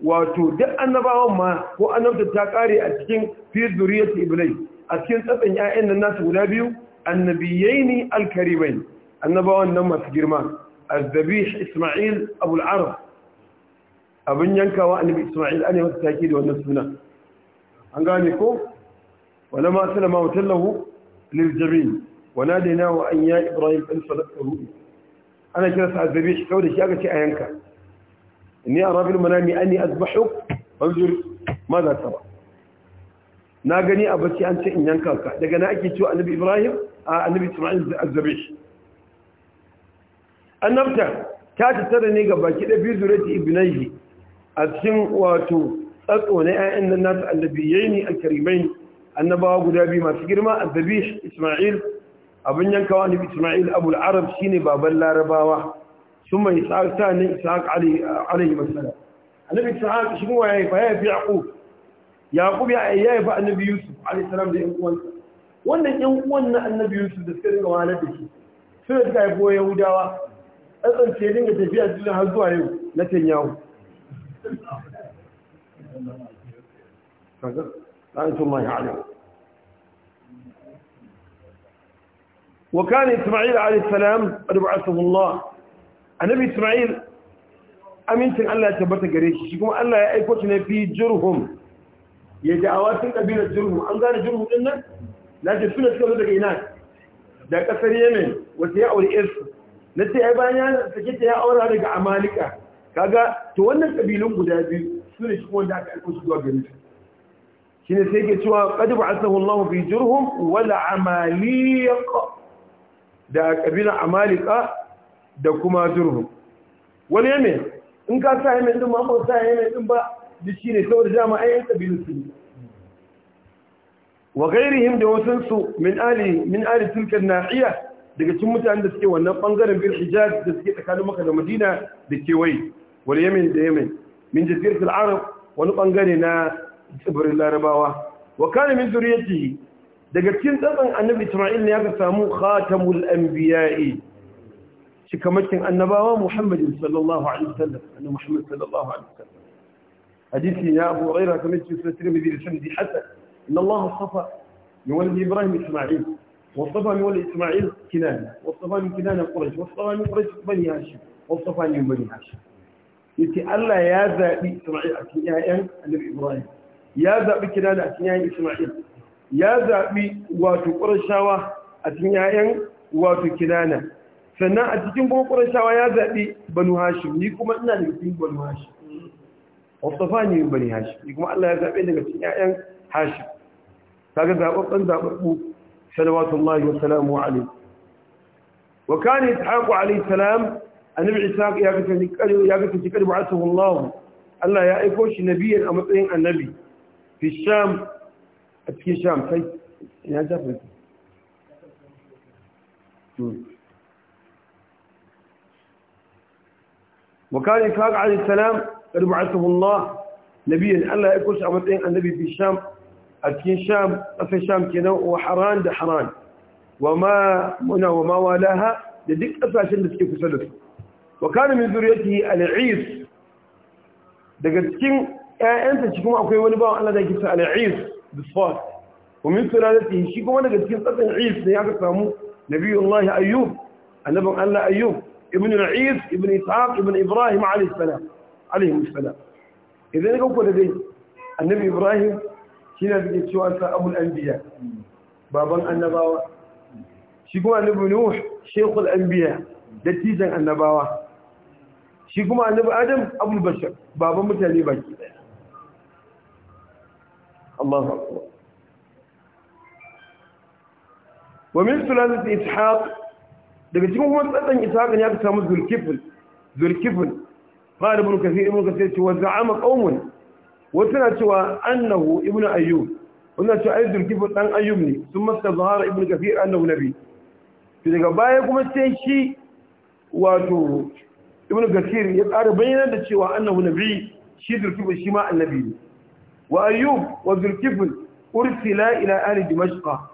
wato duk annabawan ma ko annabta ta kare a cikin fi zuriyati ibnai a cikin tsatsan ƴaƴan nan nasu guda biyu annabiyaini alkarimain annabawan nan masu girma azdabih isma'il abul arab abin yankawa annabi isma'il an yi masa take da wannan suna an gane ko wani ma sallama wa tallahu lil jabin wana da yana wa an ya ibrahim ɗan sadaka ruɗi ana kira sa azabe shi kawai da shi aka ce a yanka ni a rabin manami an yi azbahu banzur ma za ta ba na gani a bacci an ce in yanka ka daga na ake cewa annabi ibrahim a annabi isma'il azabe shi annabta ta tattara ne ga baki da biyu zurati ibnaihi a cikin wato tsatso na 'ya'yan nan nasu annabiyai ne alkarimai annabawa guda biyu masu girma azabish isma'il abin yankawa annabi isma'il abul shi ne baban larabawa sun mai sa'ar sa nan ishaq alaihi masala annabi ishaq shi kuma yayi fa fi yaqub yaqub ya yi fa annabi yusuf alaihi da yan uwansa wannan yan uwan na annabi yusuf da suka dinga wahalar da shi suna suka haifo yahudawa tsantsance dinga tafiya cikin har zuwa yau na tanyahu kaga ayatun ma ya'lam wa kana isma'il alayhi salam arba'atuhu Allah annabi isma'il amincin Allah ya tabbata gare shi shi kuma Allah ya aiko shi ne fi jurhum ya da'awa tun kabilar jurhum an gane jurhum din nan lakin suna suka zo daga ina da kasar yemen wata ya aure irsu na ce ya bayan ya sake ta ya aura daga amalika kaga to wannan kabilun guda biyu su ne shi wanda aka aiko shi zuwa gare shi ne sai ke cewa qad ba'athahu Allahu fi jirhun wala amaliq da kabila amalika da kuma jirhun. Wani yamin in ka sa yamin din ma ba sa yamin din ba duk shine saboda dama yin ƙabilun su ne wa ghairihim da wasansu min ali min ali tilka nahiya daga cikin mutanen da suke wannan bangaren bil hijaz da suke tsakanin maka da madina da kewaye wal yamin da yamin من جزيرة العرب ونطنقرنا جبر الله رباوة وكان من ذريته دقتين طبعا النبي إسماعيل يقسم خاتم الأنبياء شكمتين النباوة محمد صلى الله عليه وسلم أن محمد صلى الله عليه وسلم حديث يا أبو غيرها كمتش في سلسلة مذير الشمدي حسن إن الله صفى ولد إبراهيم إسماعيل وصفى من ولد إسماعيل كنانة وصفى من كنانة قريش وصفى من قريش بني هاشم وصفى من بني هاشم yace Allah ya zaɓi Isma'il a cikin ƴaƴan Annabi Ibrahim ya zabi Kinana a cikin ƴaƴan Isma'il ya zaɓi wato Qurayshawa a cikin ƴaƴan wato Kinana sannan a cikin kuma Qurayshawa ya zaɓi Banu Hashim ni kuma ina da cikin Banu Hashim Mustafa ne min Bani Hashim ni kuma Allah ya zabe daga cikin ƴaƴan Hashim kaga zababban zababbu sallallahu alaihi wa sallam wa ta haƙu alaihi salam أنا بعساك يا قتل يا قتل يا قتل بعثه الله الله يا إيكوش نبيا أمطين النبي في الشام أتكي الشام في يا وكان إيكاك عليه السلام قد بعثه الله نبيا الله يكوش أمطين النبي في الشام أتكي الشام أفي الشام كنو وحران دحران وما منا وما والاها لديك أفاشل لتكي في سلسل wa kana min zuriyatihi al-Is daga cikin ƴaƴansa shi kuma akwai wani bawan Allah da yake sa al-Is the fourth wa min sulalatihi shi kuma daga cikin tsatsan Is ne aka samu nabiyullahi Ayyub annabin Allah Ayyub ibn al-Is ibn Ishaq ibn Ibrahim alayhi salam alayhi salam idan ka kuwa dai annabi Ibrahim shi ne da cewa sa abul anbiya baban annabawa shi kuma annabi Nuh shaykhul anbiya dattijan annabawa shi kuma annabi adam abul bashar baban mutane baki daya Allahu akbar wa min sulalat ishaq daga cikin kuma tsatsan ishaq ne aka samu zulkifl zulkifl qala ibn kathir ibn kathir ce wa za'ama qaumun tana cewa annahu ibn ayyub wannan cewa ai zulkifl dan ayyub ne sun masta zahara ibn kathir annahu nabi to daga baya kuma sai shi wato ibn Gasir ya ƙara bayyana da cewa annahu nabi shi zulkifl shi ma annabi ne wa ayyub wa zulkifl ursila ila ahli dimashqa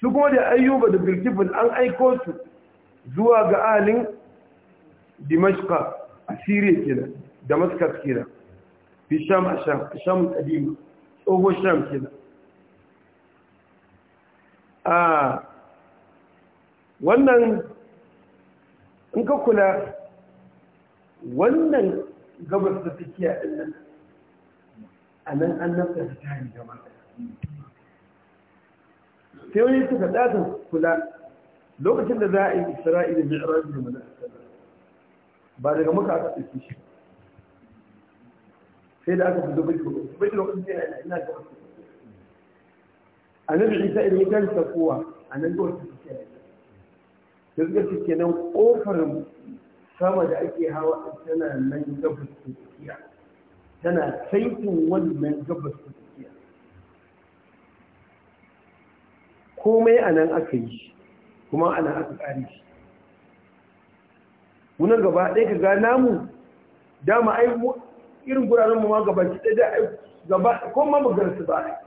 su kuma da ayyuba da zulkifl an aiko su zuwa ga ahlin dimashqa a Syria kenan damascus kenan fi sham a sham a sham kadima sham kenan a ah, wannan in ka kula wannan gabas da tsakiya din nan a nan an nafsa ta tari gaba sai wani suka ɗasa kula lokacin da za a yi isra'i da mi'raji da mana ba daga maka aka ɗauki shi sai da aka fito bai lokacin bai lokacin da yana ina da wasu da isa idan ya kan kowa a nan ga wasu suke sai suka ce kenan kofar sama da ake hawa tana nan gabas ta tsakiya tana saitin wannan gabas ta tsakiya komai a nan aka yi shi kuma a nan aka ƙari shi wunan gaba ɗaya ka gana mu, dama ai irin guraren mu ma gaba ki ɗaya ai gaba ko ma magar su ba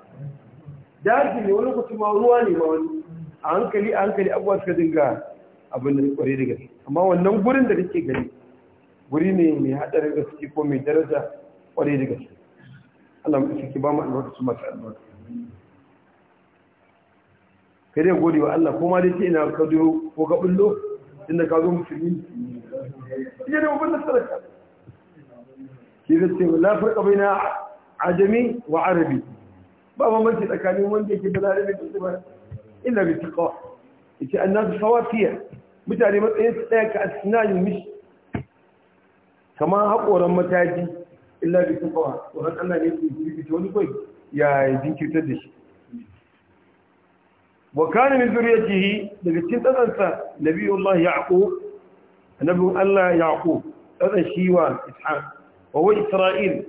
daji ne wani kutu ma ruwa ne ma wani a hankali a hankali abuwa suka dinga abin da ƙware da gaske amma wannan gurin da kake gani guri ne mai hadarin gaske ko mai daraja kwarai da gaske Allah mu ciki ba mu albarkaci masu albarka kai dai gode wa Allah ko ma dai ce ina ka duro ko ka bullo tunda ka zo musulmi ina da wannan sarka shi da ce la farqa baina ajami wa arabi ba bambanci tsakanin wanda yake da larabi da ba illa bi taqwa yace annabi sawafiya mutane matsayin su ɗaya ka asina yin mishi kamar haƙoran mataji illa bi tukawa tsoron allah ne su yi wani kwai ya jinkirtar da shi wa kana ya zuriyatihi daga cikin tsatsansa nabiyullah yaqub annabiyun allah yaqub tsatsan shi wa ishaq wa wai isra'il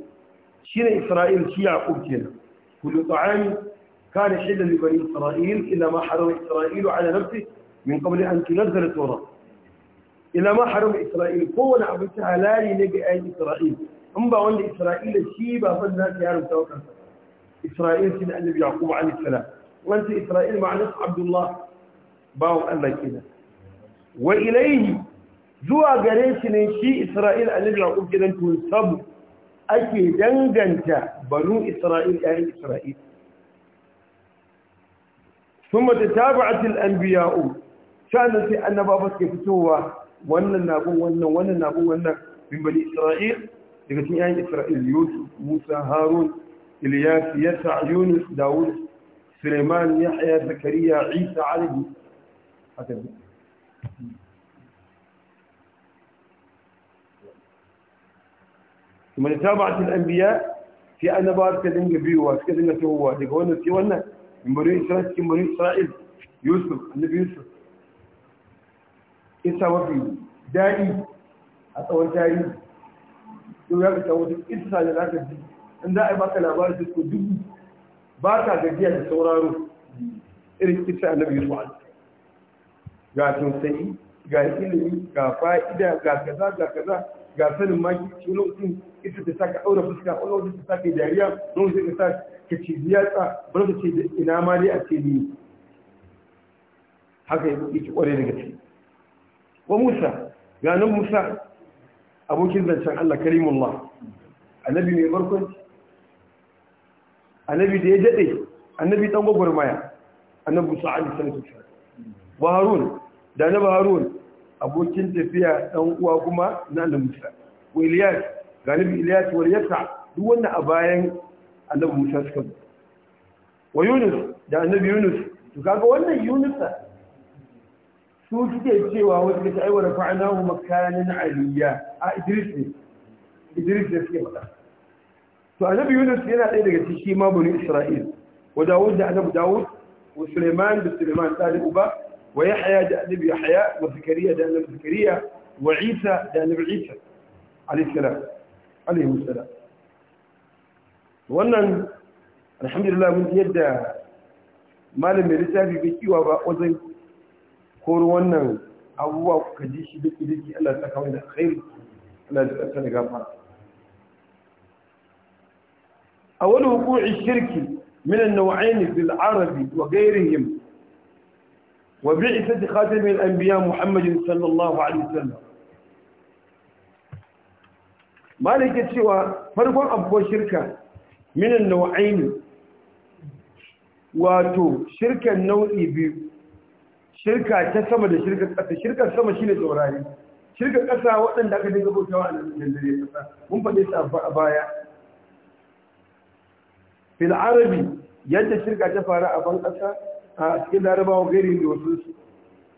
shine isra'il shi yaqub kenan kullu ta'am kana shi li bani isra'il illa ma harama isra'ilu ala nafsihi من قبل أن تنزل التوراة إلى ما حرم إسرائيل قوة أبو لا لنبي آية إسرائيل أم بأون إسرائيل شيبة فلنا سيارة توقف إسرائيل سيد النبي يعقوب عليه السلام وأنت إسرائيل معنى عبد الله باو أن بيكنا وإليه زوى أقريس نشي إسرائيل النبي يعقوب كنا تنصب أكي دنجنت بنو إسرائيل آية إسرائيل ثم تتابعت الأنبياء sa'annan sai annabawa suke fitowa wannan na gun wannan wannan na gun wannan min bani isra'il daga cikin yayin isra'il yusuf musa harun ilyas yasa yunus dawud suleiman yahya zakariya isa alihi haka ne kuma da tabatin anbiya sai annabawa suka dinga biyuwa suka dinga tawowa daga wannan sai wannan min bani isra'il yusuf annabi yusuf isa mafi daɗi a tsawon jari? to ya fita wajen? isa da zaka ji in za a yi baka labarin ko dubu ba ka gajiya da sauraro irin isa na biyu ba ga tausayi ga ilimi ga fa'ida ga kaza ga kaza ga sanin maki ci lokacin ita ta saka aure fuska wani lokacin ta saka dariya wani lokacin ta saka ka ce ziyarta ba ta ce ina ma dai a ce ni haka ya ci ƙware daga ciki wa musa ganin musa abokin zancen allah karimullah annabi mai barkwanci annabi da ya daɗe annabi ɗan gwagwarmaya annabi musa ali sanatu ba harun da na harun abokin tafiya ɗan uwa kuma na annabi musa wa iliyas galibi iliyas wa yasa duk wannan a bayan annabi musa suka zo wa yunus da annabi yunus to kaga wannan yunus سوجد الشيوى وجدت أي ورفعناه مكانا عليا إدريسي إدريسي في مكان فالنبي يونس هنا قيل يتشي ما بني إسرائيل وداود ده أنا بداود وسليمان بسليمان ثالث أبا ويحيى ده نبي يحيى وذكريا ده نبي ذكريا وعيسى ده عيسى عليه السلام عليه السلام وأنا الحمد لله من يد مالي من رسالي في شيوى وزنك ko wannan abubuwa kuka ji shi duki duki Allah ya saka mai da alkhairi Allah ta. saka da gafara awal wuqu'i shirki min an-naw'ayn fil arabi wa ghayrihim wa bi'sati khatim al-anbiya Muhammad sallallahu alaihi wasallam malike cewa farkon abubuwan shirka min an-naw'ayn wato shirkan nau'i biyu shirka ta sama da shirkar ƙasa shirkar sama shine taurari shirkar ƙasa waɗanda aka dinga bautawa a nan da ƙasa mun faɗe su a baya fil arabi yadda shirka ta faru a ban ƙasa a cikin larabawa gairi da wasu su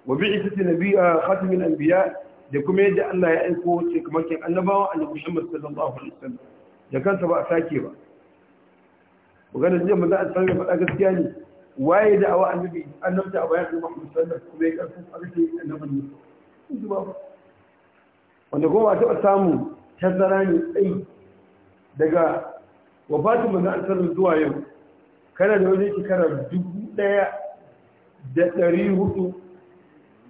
wa bi'isati nabiyya khatamul anbiya da kuma yadda Allah ya aiko ce kamar kin annabawa annabi Muhammad sallallahu alaihi wasallam da kansa ba a sake ba magana jiya manzo an sanar faɗa gaskiya ne waye da awa annabi annabta a bayan da Muhammad sallallahu alaihi wasallam kuma yake karfin annabin ne wanda goma ta samu tazara ne tsayi daga wafatin manzo an sallallahu zuwa yau kana da wajen shekara dubu daya da ɗari hudu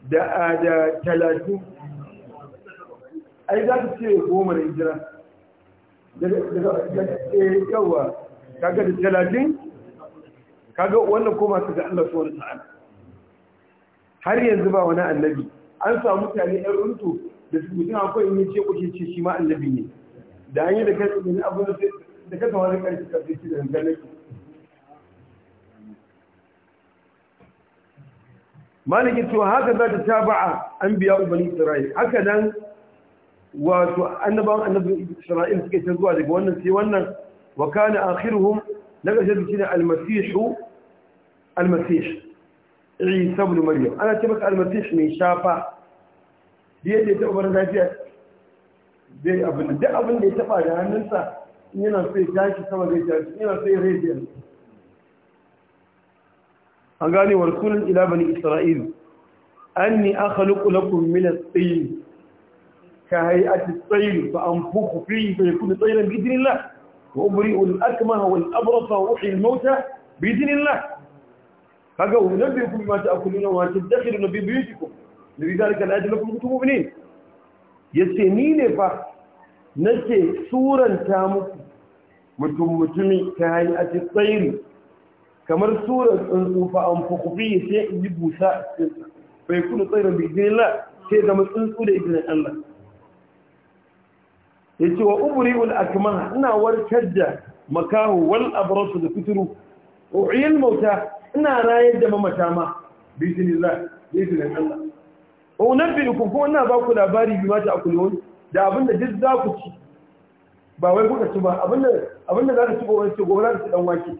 da da talatin ai za ta ce goma da hijira daga eh, yawa kaga da talatin kaga wannan koma su ga Allah subhanahu ta'ala har yanzu ba wani annabi an samu mutane ɗan runtu da su mutum akwai in yace ko ce shi ma annabi ne da an yi da kai ne abu da ka kama da karfi ka fi da gangan maliki to haka za ta taba'a an biya ubani isra'il haka nan wato annabawan annabin isra'il suke ta zuwa daga wannan sai wannan wa kana akhiruhum na ƙarshe da ne almasihu المسيح عيسى بن مريم انا تبقى المسيح من شافا دي اللي تعبر ذاتيا دي ابن دي ابن اللي تبقى جهنسا ينا في جاشي سما دي جاشي ينا في ريدي أنقاني ورسولا إلى بني إسرائيل أني أخلق لكم من الطين كهيئة الطير فأنفخ فيه فيكون طيرا بإذن الله وأبرئ الأكمه والأبرص وأحيي الموتى بإذن الله kaga unabbiukum bima ta'kuluna wa tadakhiruna bi buyutikum zalika la yadlukum kutubu mu'minin yace ni ne fa nake suranta muku mutum mutumi ta hayati tsairi kamar surar tsuntsu fa an fukufi sai in yi busa bai kuna tsairin bi idinillah sai zama tsuntsu da idinin Allah ya ce wa umri ul akmaha ina warkar da makahu wal abrasu da fitiru u'iyal mauta ina rayar da mamata ma Allah izinin Allah wa ku kuma ina ba ku labari bi mata akulun da abinda duk za ku ci ba wai kuka ci ba abinda abinda za ka ci gobe ce gobe za ka ci dan wake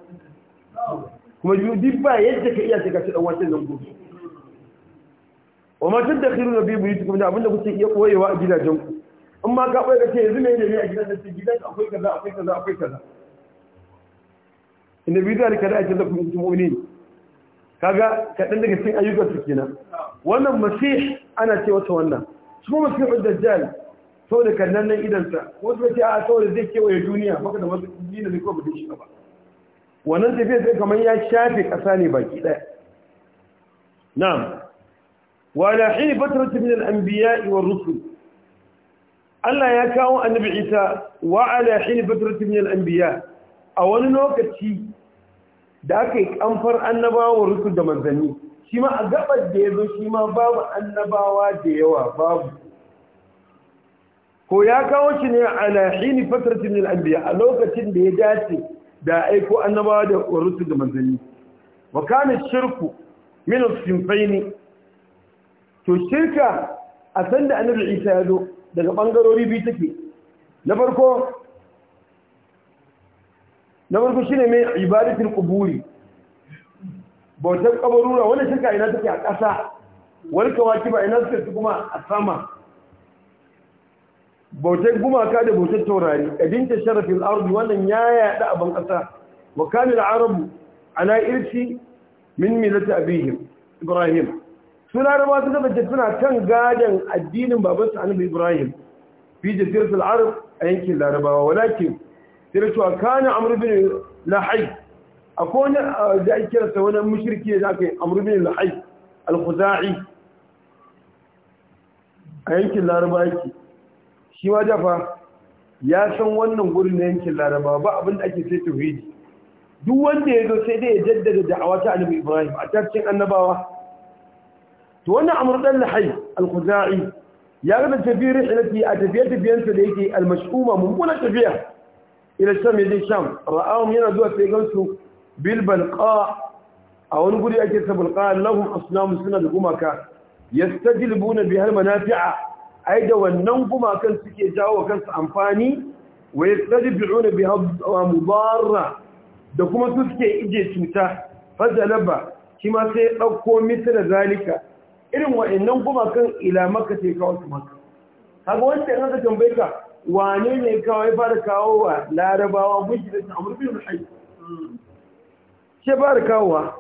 kuma duk ba yadda ka iya sai ka ci dan wake nan gobe wa ma nabi bi buyutikum da abinda kuke iya koyewa a ku in ma ka ɓoye ce yanzu mai da a gidan da gidan akwai kaza akwai kaza akwai kaza inda biyu zalika da ake zafi mutum mu'minin kaga kaɗan daga cikin ayyukan su kina wannan masih ana ce wata wannan su kuma masih dajjal saboda kannan nan idansa wasu ce a saboda zai kewaye duniya maka da wasu dina zai kuma shi ba wannan tafiya sai kamar ya shafe ƙasa ne baki ɗaya na'am wa ala hin fatratu min al-anbiya'i war rusul Allah ya kawo annabi Isa wa ala hin fatratu min al-anbiya a wani lokaci da aka yi kamfar annabawa rusu da manzanni shi ma a gabar da ya zo shi ma babu annabawa da yawa babu ko ya kawo shi ne a hini fatratin lil anbiya a lokacin da ya dace da aiko annabawa da rusu da manzanni wa shirku min as ne. to shirka a sanda annabi Isa ya zo daga ɓangarori biyu take na farko na farko shine mai ibadatul quburi bautar kabarura Wannan shirka ina take a ƙasa wani kawaki ba ina suke kuma a sama bautar gumaka da bautar taurari adinta sharafin ardu wannan ya yaɗa abin ƙasa wa kamil arabu ana irci min milata abihim ibrahim su laraba su kasance suna kan gadon addinin babansu annabi ibrahim fi jasiratul arab a yankin larabawa walakin sai da cewa kana amru bin lahai akwai wani da ake kirasa wani mushriki da aka yi amru bin lahai al-khuzai a yankin laraba yake shi ma dafa ya san wannan gurin na yankin laraba ba abin da ake sai tauhidi duk wanda ya zo sai dai ya jaddada da'awa ta annabi ibrahim a tafcin annabawa to wannan amru dan lahai al-khuzai ya ga tafiya rihlati a tafiye tafiyansa da yake al-mash'uma mummuna tafiya ila sham ya je sham ra'ahum yana zuwa sai Bilbal bil balqa a wani guri ake ta balqa lahum asnam suna da gumaka yastajlibuna bi manafi'a ai da wannan gumakan suke jawo kansu amfani wa yastajlibuna bi mudarra da kuma su suke ije cuta fajalaba shi ma sai ya dauko misra zalika irin wa'annan gumakan ila makka sai kawo su makka kaga wanda in aka tambaye ka wane ne kawai fara kawo wa larabawa mujirisun amurbin hai ke fara kawo wa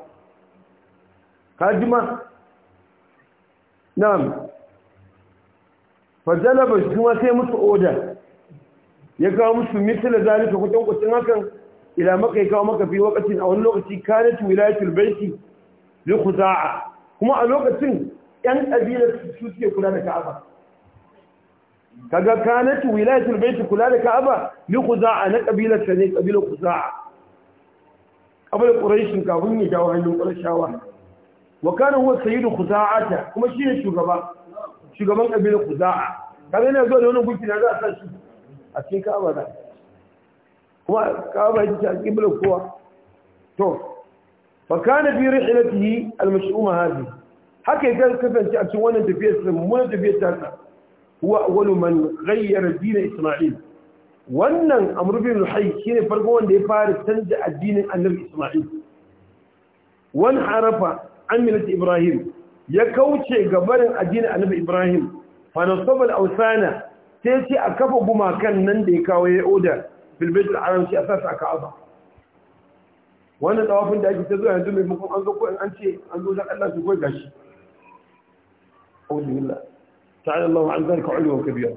kajima na'am fajalaba kuma sai musu oda ya kawo musu mitila zalika kutan kusan hakan ila maka ya kawo maka fi wakacin a wani lokaci kanatu wilayatul baiti li khuza'a kuma a lokacin yan kabilar su suke kula da ka'aba kaga kanatu wilayatul bait kula da ka'aba ni khuza'a na kabilar ta ne kabilar khuza'a kabilar quraish kafin ya dawo hannun qurashawa wa kana huwa sayyidu khuza'ata kuma shine shugaba shugaban kabilar khuza'a kaga ina zuwa da wannan gunki na za a san shi a cikin ka'aba da kuma ka'aba ita a cikin kiblar kowa to fa kana bi rihlatihi al-mash'uma hadhihi haka ya kasance a cikin wannan tafiyar sa mun tafiyar ta huwa awwalu man ghayyara din Isma'il wannan Amr bin Luhay shine farko wanda ya fara canza addinin Annabi Isma'il wan harafa an Ibrahim ya kauce ga barin addinin Annabi Ibrahim fa nasaba al-awsana sai a kafa gumakan nan da ya kawo ya oda bilbaitul haram shi a sasa aka aba wannan tsawafin da ake ta zuwa yanzu mai mukun an zo ko an ce an zo Allah su goyi gashi ta'ala Allah an zarka ulwa kabira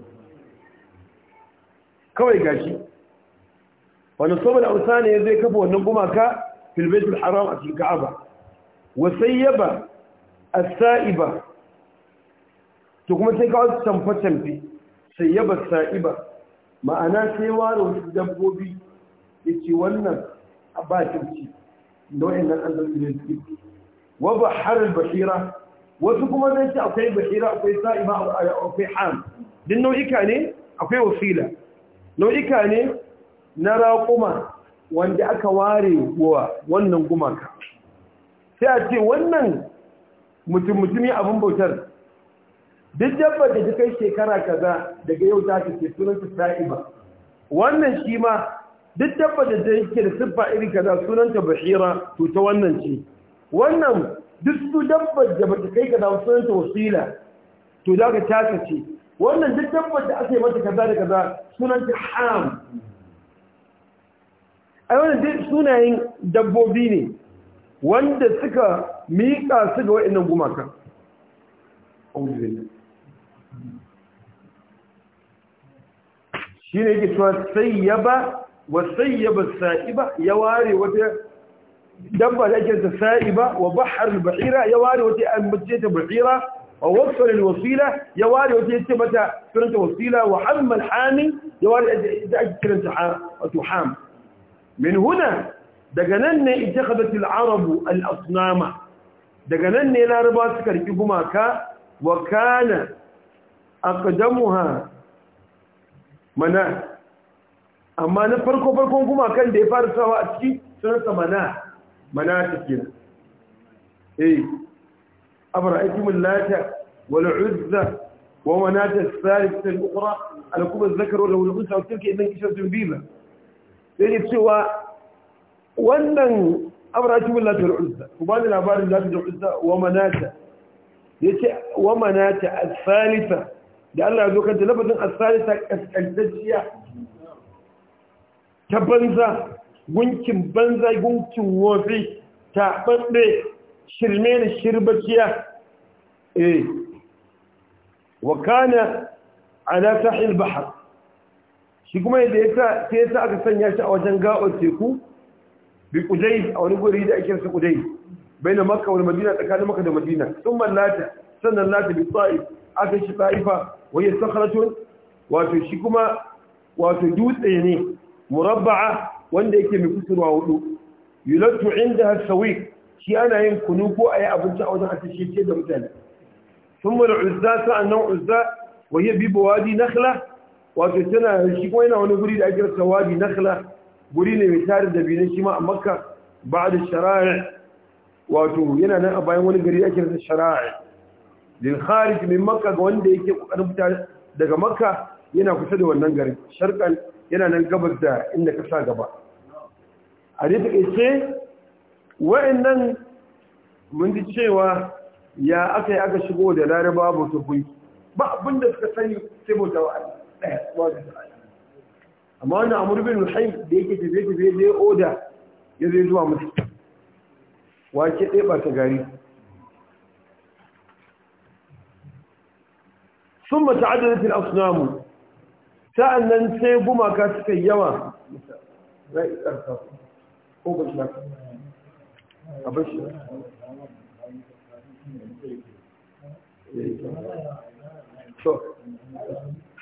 kawai gashi wannan saboda amsa ne zai kafa wannan gumaka fil baitul haram a cikin ka'aba wa sayyaba as-sa'iba to kuma sai kawo tamfa tamfi sayyaba as-sa'iba ma'ana sai ware wasu dabbobi yace wannan a bakin ci da wayannan wasu kuma zai ce akwai basira akwai sa'ima akwai ham din nau'ika ne akwai wasila nau'ika ne na raƙuma wanda aka ware wa wannan gumaka sai a ce wannan mutum-mutumi abin bautar duk dabba da ta kai shekara kaza daga yau ta ce sunanta sa'iba wannan shi ma duk dabba da ta yake da siffa iri kaza sunanta bashira to ta wannan ce wannan duk su dabbar da bata kai ka dawo sunan ta wasila to za ka taka ce wannan duk dabbar da aka yi mata kaza da kaza sunan ta haram ai wannan duk sunayen dabbobi ne wanda suka miƙa su ga waɗannan gumaka shi ne yake cewa ba wa sayyaba sa'iba ya ware wata دبا لجل السائبة وبحر البحيرة يواري وتي أمتيت بحيرة ووصل الوصيلة يواري وتي أتمت كرنت وصيلة وحم الحامي يواري أتأكد كرنت حام من هنا دقنن اتخذت العرب الأصنامة دقنن إلى رباس كاركبهما كا وكان أقدمها منا أما نفرقوا فرقوا كما كان ديفار سواء أتكي سنة مناه manati kenan eh أفرأيتم اللات والعزة ومناة الثالثة الأخرى على كم الذكر ولو الأنثى وتلك إذا انكشفتم بيما sai cewa wannan abrahim lati al-uzza ku bani labarin lati al-uzza wa manata yace wa manata al-thalitha da Allah ya zo kan lafazin al-thalitha ta banza gunkin banza gunkin wofi taɓaɓɓe shirme da shirbaciya eh wa kana ala sahil bahar shi kuma yadda ya ta sai ya aka sanya shi a wajen ga'ar teku bi kudai a wani guri da ake rasa kudai bai na maka wani madina tsakanin maka da madina sun mallata sannan lati bi tsa'i aka shi tsa'ifa wani sakaratun wato shi kuma wato dutse ne murabba'a wanda yake mai kusurwa hudu yulattu inda hasawik shi ana yin kunu ko a yi abinci a wajen asashe ce da mutane sun mara uzza sa'annan uzza waye bi bawadi nakhla wato tana shi kuma yana wani guri da ake rasa wadi nakhla guri ne mai tarin da binin shi ma a makka ba da shara'i wato yana nan a bayan wani gari da ake rasa shara'i lil kharij min makka ga wanda yake kokarin fita daga makka yana kusa da wannan garin sharqan yana nan gabas da inda ka sa gaba a rufe wa'annan mun ji cewa ya aka yi aka shigo da laraba ba su ba abinda suka sani sai bauta wa da amma wannan amur bin ruhai da yake tafiye-tafiye da ya oda ya zai zuwa musu wake ɗaya ba ta gari sun mata adadatin asunamu ta'an nan sai gumaka suka yawa ko ba shi ba a bar shi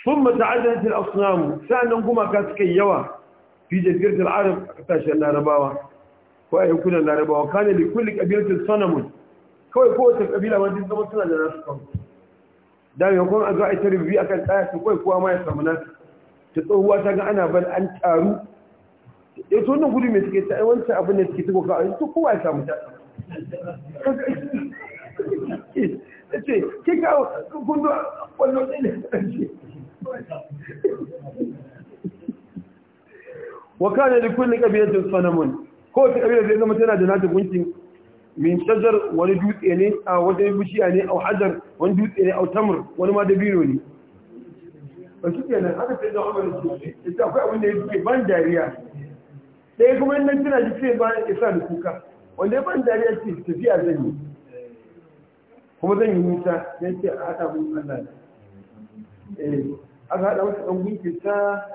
sun mata ajantin asunamu sa'annan gumaka suka yi yawa fi jirgin arab a kasashen larabawa ko a yankunan larabawa kane da kulle kabilatin sonamun kawai kowace kabila wajen zama suna da nasu kawo da yankon a zo a yi ta a kan tsaya su kawai kowa ma ya samu nasu ta tsohuwa ta ga ana bar an taru yau eh, to wannan gudu mai suke ta eh, wancan abin da suke tuko kawai eh, to kowa ya samu ta ta ce ke kawo a wannan ɗin da ce wa ne da kulli qabilatin sanamun ko ta qabila zai zama tana da nata gunkin min shajar wani dutse ne a wata bishiya ne a hajar wani dutse ne a tamr wani ma dabino ne ba ke nan haka sai da wani ne ita akwai abin da ke ban dariya ɗaya kuma nan tana jikin ba bayan isa da kuka wanda ya ban dariya ce tafiya zan yi kuma zan yi nisa ya ce a haɗa mun allah eh aka haɗa masa ɗan gunki ta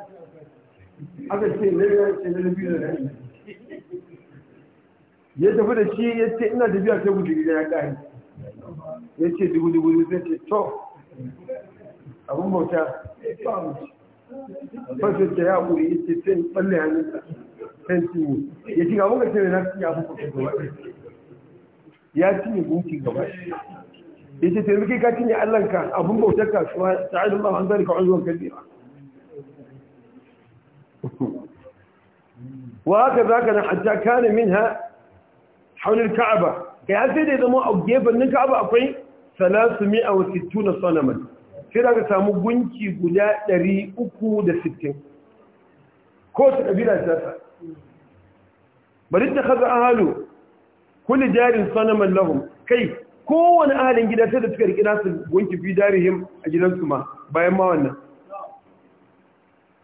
aka ce lalata ce na biyu da rai ya tafi da shi ya ce ina tafiya sai gudu gida ya ƙari ya ce dubu dubu zai ce to abin bauta ba mu fasirta ya ƙuri ya ce sai ɓalle hannunsa fentiwo ya ci gaba ga cire na ci ya fuka gaba ya cinye gunki gaba ya ce taimake ka cinye allanka abun bautar kasuwa ta ainihin ba an zarika wani kabira wa haka za ka nan hatta kane min ha haunin ka'aba kai har sai da ya zama a gefannin ka'aba akwai salasu mi'a wa sittu na sonaman sai da ka samu gunki guda 360 ko ta kabila ta bari ta haza ahalu kuli jarin sanaman lahum kai kowane ahalin gida sai da suka riƙi nasu wanki fi darihim a gidansu ma bayan ma wannan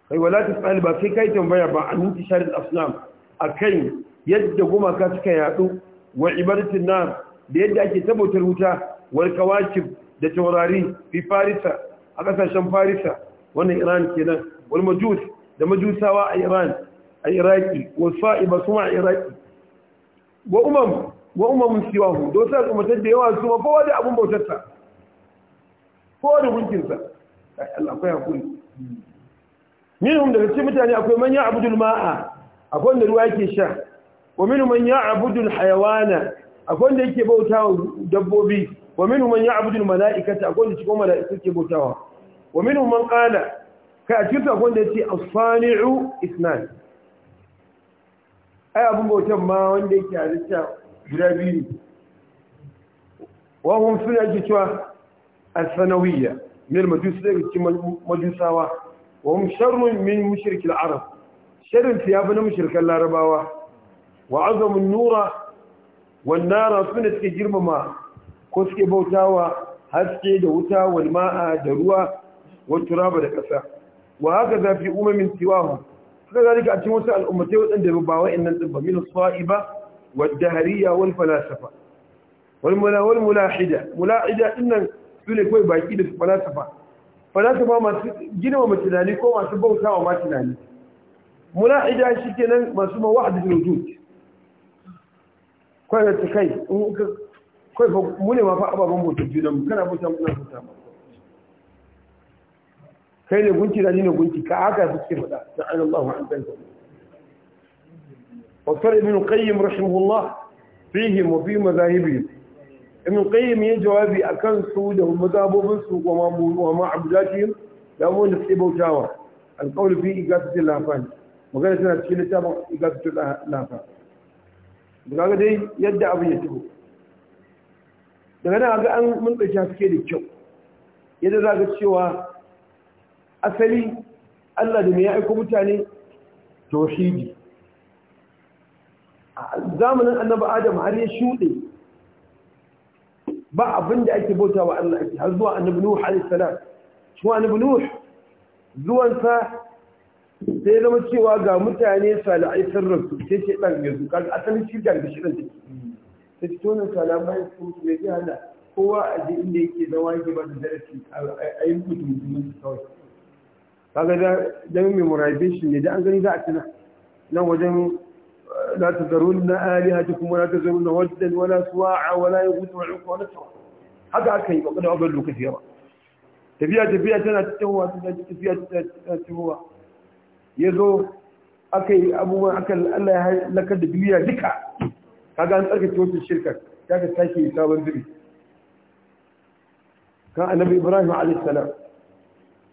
kai wala ta ba sai kai tambaya ba an yi sharil aslam a akan yadda gumaka suka yadu wa ibaratin nar da yadda ake tabbatar wuta wal kawakib da taurari fi farisa a kasashen farisa wannan iran kenan wal majus da majusawa a iran a iraki wasa'iba su ma a iraki wa umam wa umam siwahu don kuma ta da yawa su ma kowa da abun bautarsa kowa da sa ai Allah akwai hakuri minhum daga cikin mutane akwai man ya abudul ma'a akwai da ruwa yake sha wa minhum man ya abudul hayawana akwai wanda yake bautawa dabbobi wa minhum man ya abudul mala'ikata akwai wanda cikin mala'ikatu yake bautawa wa minhum man qala ka a cikin akwai wanda yake as-sani'u isnan ai abin bautan ma wanda yake zuciya guda biyu ne wahun suna ake cewa al-sanawiyya min majusu daga cikin majusawa wahun sharrun min mushirkin arab sharrin su ya fi na mushirkan larabawa wa azamin nura wannara suna suke girmama ko suke bautawa haske da wuta walma'a da ruwa wa raba da ƙasa wa haka zafi umamin siwahu suka ka a cikin wasu al'ummatai waɗanda ba wa ɗin ba minus sa'iba wadda hariya wal falasafa wal mulahida mulahida ɗinnan su ne kawai baki da falasafa falasafa masu gina wa matunani ko masu bauta wa matunani mulahida shi kenan masu mawa'adin wujud kwanar ta kai in ka kwaifa mu ne ma fa ababen bautar junan kana bauta muna bauta kai ne gunki da ni ne gunki ka haka suke faɗa da an Allah an san ka Dr. Ibn Qayyim rahimahullah fihi wa fi mazahibi Ibn Qayyim ya jawabi akan su da mazabobin su wa ma wa da mu da suke bautawa alqawl fi igasatil lafan magana tana cikin littafin igasatil lafan daga dai yadda abin ya tubo daga nan ga an mun tsaya suke da kyau yadda za ka cewa asali Allah da me ya aiko mutane tauhidi a zamanin annabi Adam har ya shuɗe ba abin da ake bauta wa Allah ake har zuwa annabi Nuh alayhi salam shi annabi Nuh zuwansa sai zama cewa ga mutane sala'ai sun rasu sai ce ɗan yanzu kaga asalin shi da shirin take ta ci tonin salamai sun su ne hana kowa a ji inda yake zama yake ba da darasi a yi mutum mutum kawai kaga da dan memorization ne da an gani za a tuna nan wajen eh, la tazarunna alihatukum wala tazarunna waddan wala suwa'a wala yughut wa uqwa wala suwa haka aka yi kokarin abin lokaci yawa tafiya tafiya tana tafiya tana tafiya tana tafiya yazo aka yi abubuwan aka Allah ya halakar da duniya duka kaga an tsarkake wata shirkar ta ka sake sabon zubi kan annabi ibrahim alayhi salam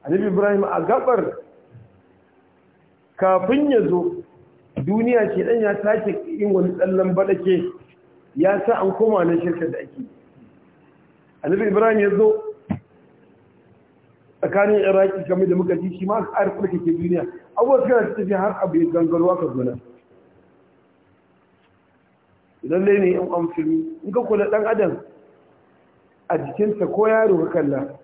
annabi ibrahim a gabar kafin ya zo duniya ce dan ya sake yin wani tsallan balake ya sa an koma na shirka da ake annabi ibrahim ya zo tsakanin iraki game da muka ji shi ma a ƙarfin da ke duniya abuwa suka da tafi har abu ya gangarwa ka zo nan lallai ne in amfani in ka kula dan adam a jikinsa ko yaro ka kalla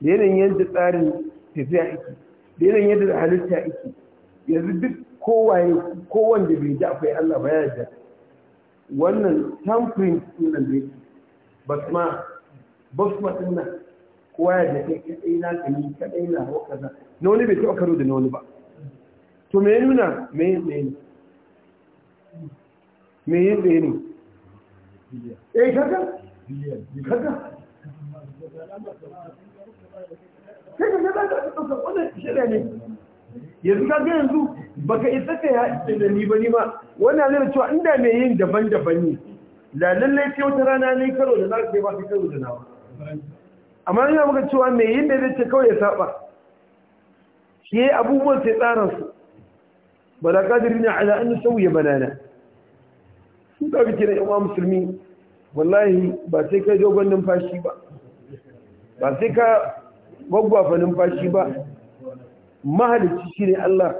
da yanayin yadda tsarin tafiya iki da yanayin yadda halitta iki yanzu duk kowaye kowanne bai ji akwai Allah ba ya da wannan tamfirin din nan dai basma basma din kowa ya da kai kadai na kani kadai na hawa kaza na wani bai taɓa karo da na wani ba to me nuna me me ne me yin tsaye ne eh kaga kaga sai ka ka ɗaukar wannan shirya ne yanzu ka ga yanzu baka isa ka ya da ni ba ni ba wannan zai cewa inda mai yin daban-daban ne da lallai sai wata rana ne karo da za ka ba ka karo da nawa amma yana maka cewa mai yin da zai ce kawai ya saba shi ya yi abubuwan sai tsaransu ba da kadiri na ala an sauya banana ta ɗauki kira yan musulmi wallahi ba sai ka dogon numfashi ba ba sai ka gwaggwafa numfashi ba mahalicci shi ne Allah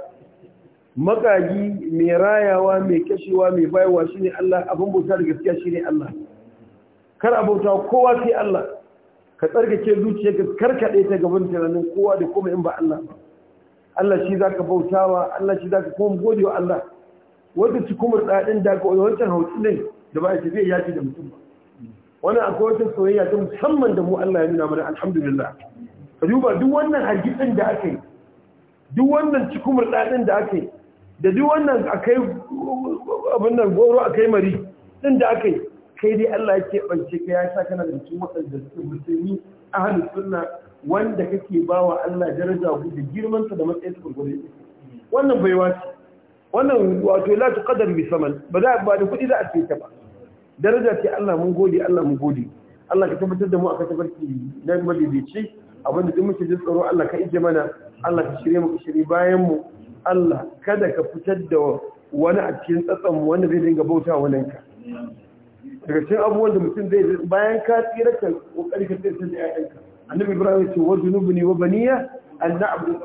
makagi mai rayawa mai kashewa mai shi ne Allah abin bauta da gaskiya ne Allah kar abauta kowa sai Allah ka tsarkake zuciyarka karkaɗe ta gaban tunanin kowa da kuma in ba Allah ba Allah shi za bauta bautawa Allah shi za ka kuma gode wa Allah Wata ci kuma ɗaɗin da ka wancan hauti ne da ba a tafiya ya ci da mutum ba wannan akwai wata soyayya ta musamman da mu Allah ya nuna mana alhamdulillah ka duba duk wannan hargitsin da aka yi duk wannan cikumar ɗaɗin da aka yi da duk wannan akai abin nan goro akai mari din da akai kai dai Allah ya keɓance ka ya sa kana da cikin waɗanda suke musulmi ahlus sunna wanda kake bawa Allah daraja ku da girman sa da matsayin sa gurgure wannan baiwa ce wannan wato la tuqaddar bi saman ba za ba da kuɗi za a ce ta ba daraja ce Allah mun gode Allah mun gode Allah ka tabbatar da mu aka tabbaci na madaidaici abin da duk muke ji tsaro Allah ka ije mana Allah ka shirye mu ka shirye bayan mu Allah kada ka fitar da wani a cikin tsatsan mu wanda zai dinga bauta wannan ka daga cikin abubuwan da mutum zai bayan ka tsira ka kokari ka tsira da ayyanka annabi ibrahim ya ce wa junubni wa baniya an na'budu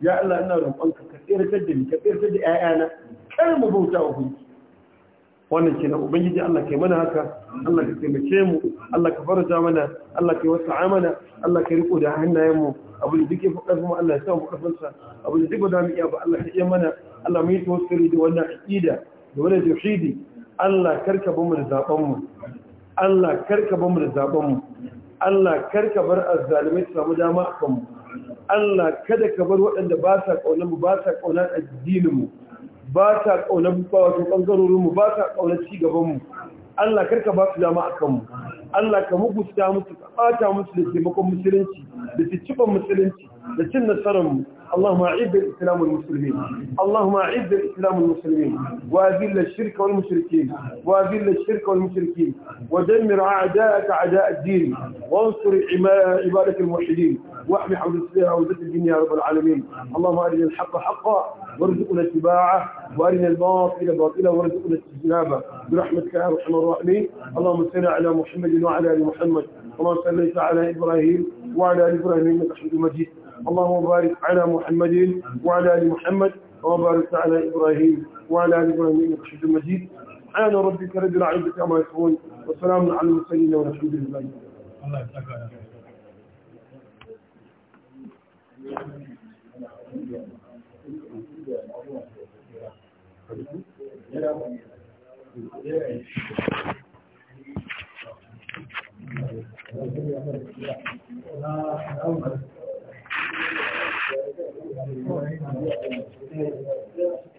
ya Allah ina roƙonka ka tsira da ni ka tsira da ayyana kar mu bauta wa gunki wannan kenan ubangiji Allah kai mana haka Allah ka taimake mu Allah ka farja mana Allah ka wasa mana Allah ka riko da hannayen mu abu da duke fukar mu Allah ya sa mu karfin sa abu da duke da mu iya ba Allah ka iya mana Allah mu yi tawassuli da wannan aqida da wannan tauhidi Allah karka mu da zaben mu Allah karka mu da zaben mu Allah karka bar azzalimai su samu dama a kanmu Allah kada ka bar waɗanda ba sa ƙaunar mu ba sa ƙaunar addinin mu ba ta ƙaunar wato mu. ba ta ƙaunar cigabanmu Allah karka ba su dama a kanmu Allah ka mugusta musu ka ɓata musu da taimakon musulunci da cikin musulunci لسنة صرم اللهم أعز الإسلام والمسلمين اللهم أعز الإسلام والمسلمين وأذل الشرك والمشركين وأذل الشرك والمشركين ودمر أعداءك أعداء الدين وانصر عبادك الموحدين واحمي حوزة الدين يا رب العالمين اللهم أرنا الحق حقا وارزقنا اتباعه وأرنا الباطل باطلا وارزقنا اجتنابه برحمتك يا أرحم الراحمين اللهم صل على محمد وعلى آل محمد اللهم صليت على إبراهيم وعلى آل إبراهيم إنك حميد مجيد اللهم بارك على محمد وعلى آل محمد وبارك على إبراهيم وعلى آل إبراهيم إنك حميد مجيد سبحان ربك رب العزة عما يصفون وسلام على المرسلين والحمد لله الله يسعدك Thank you. Thank you.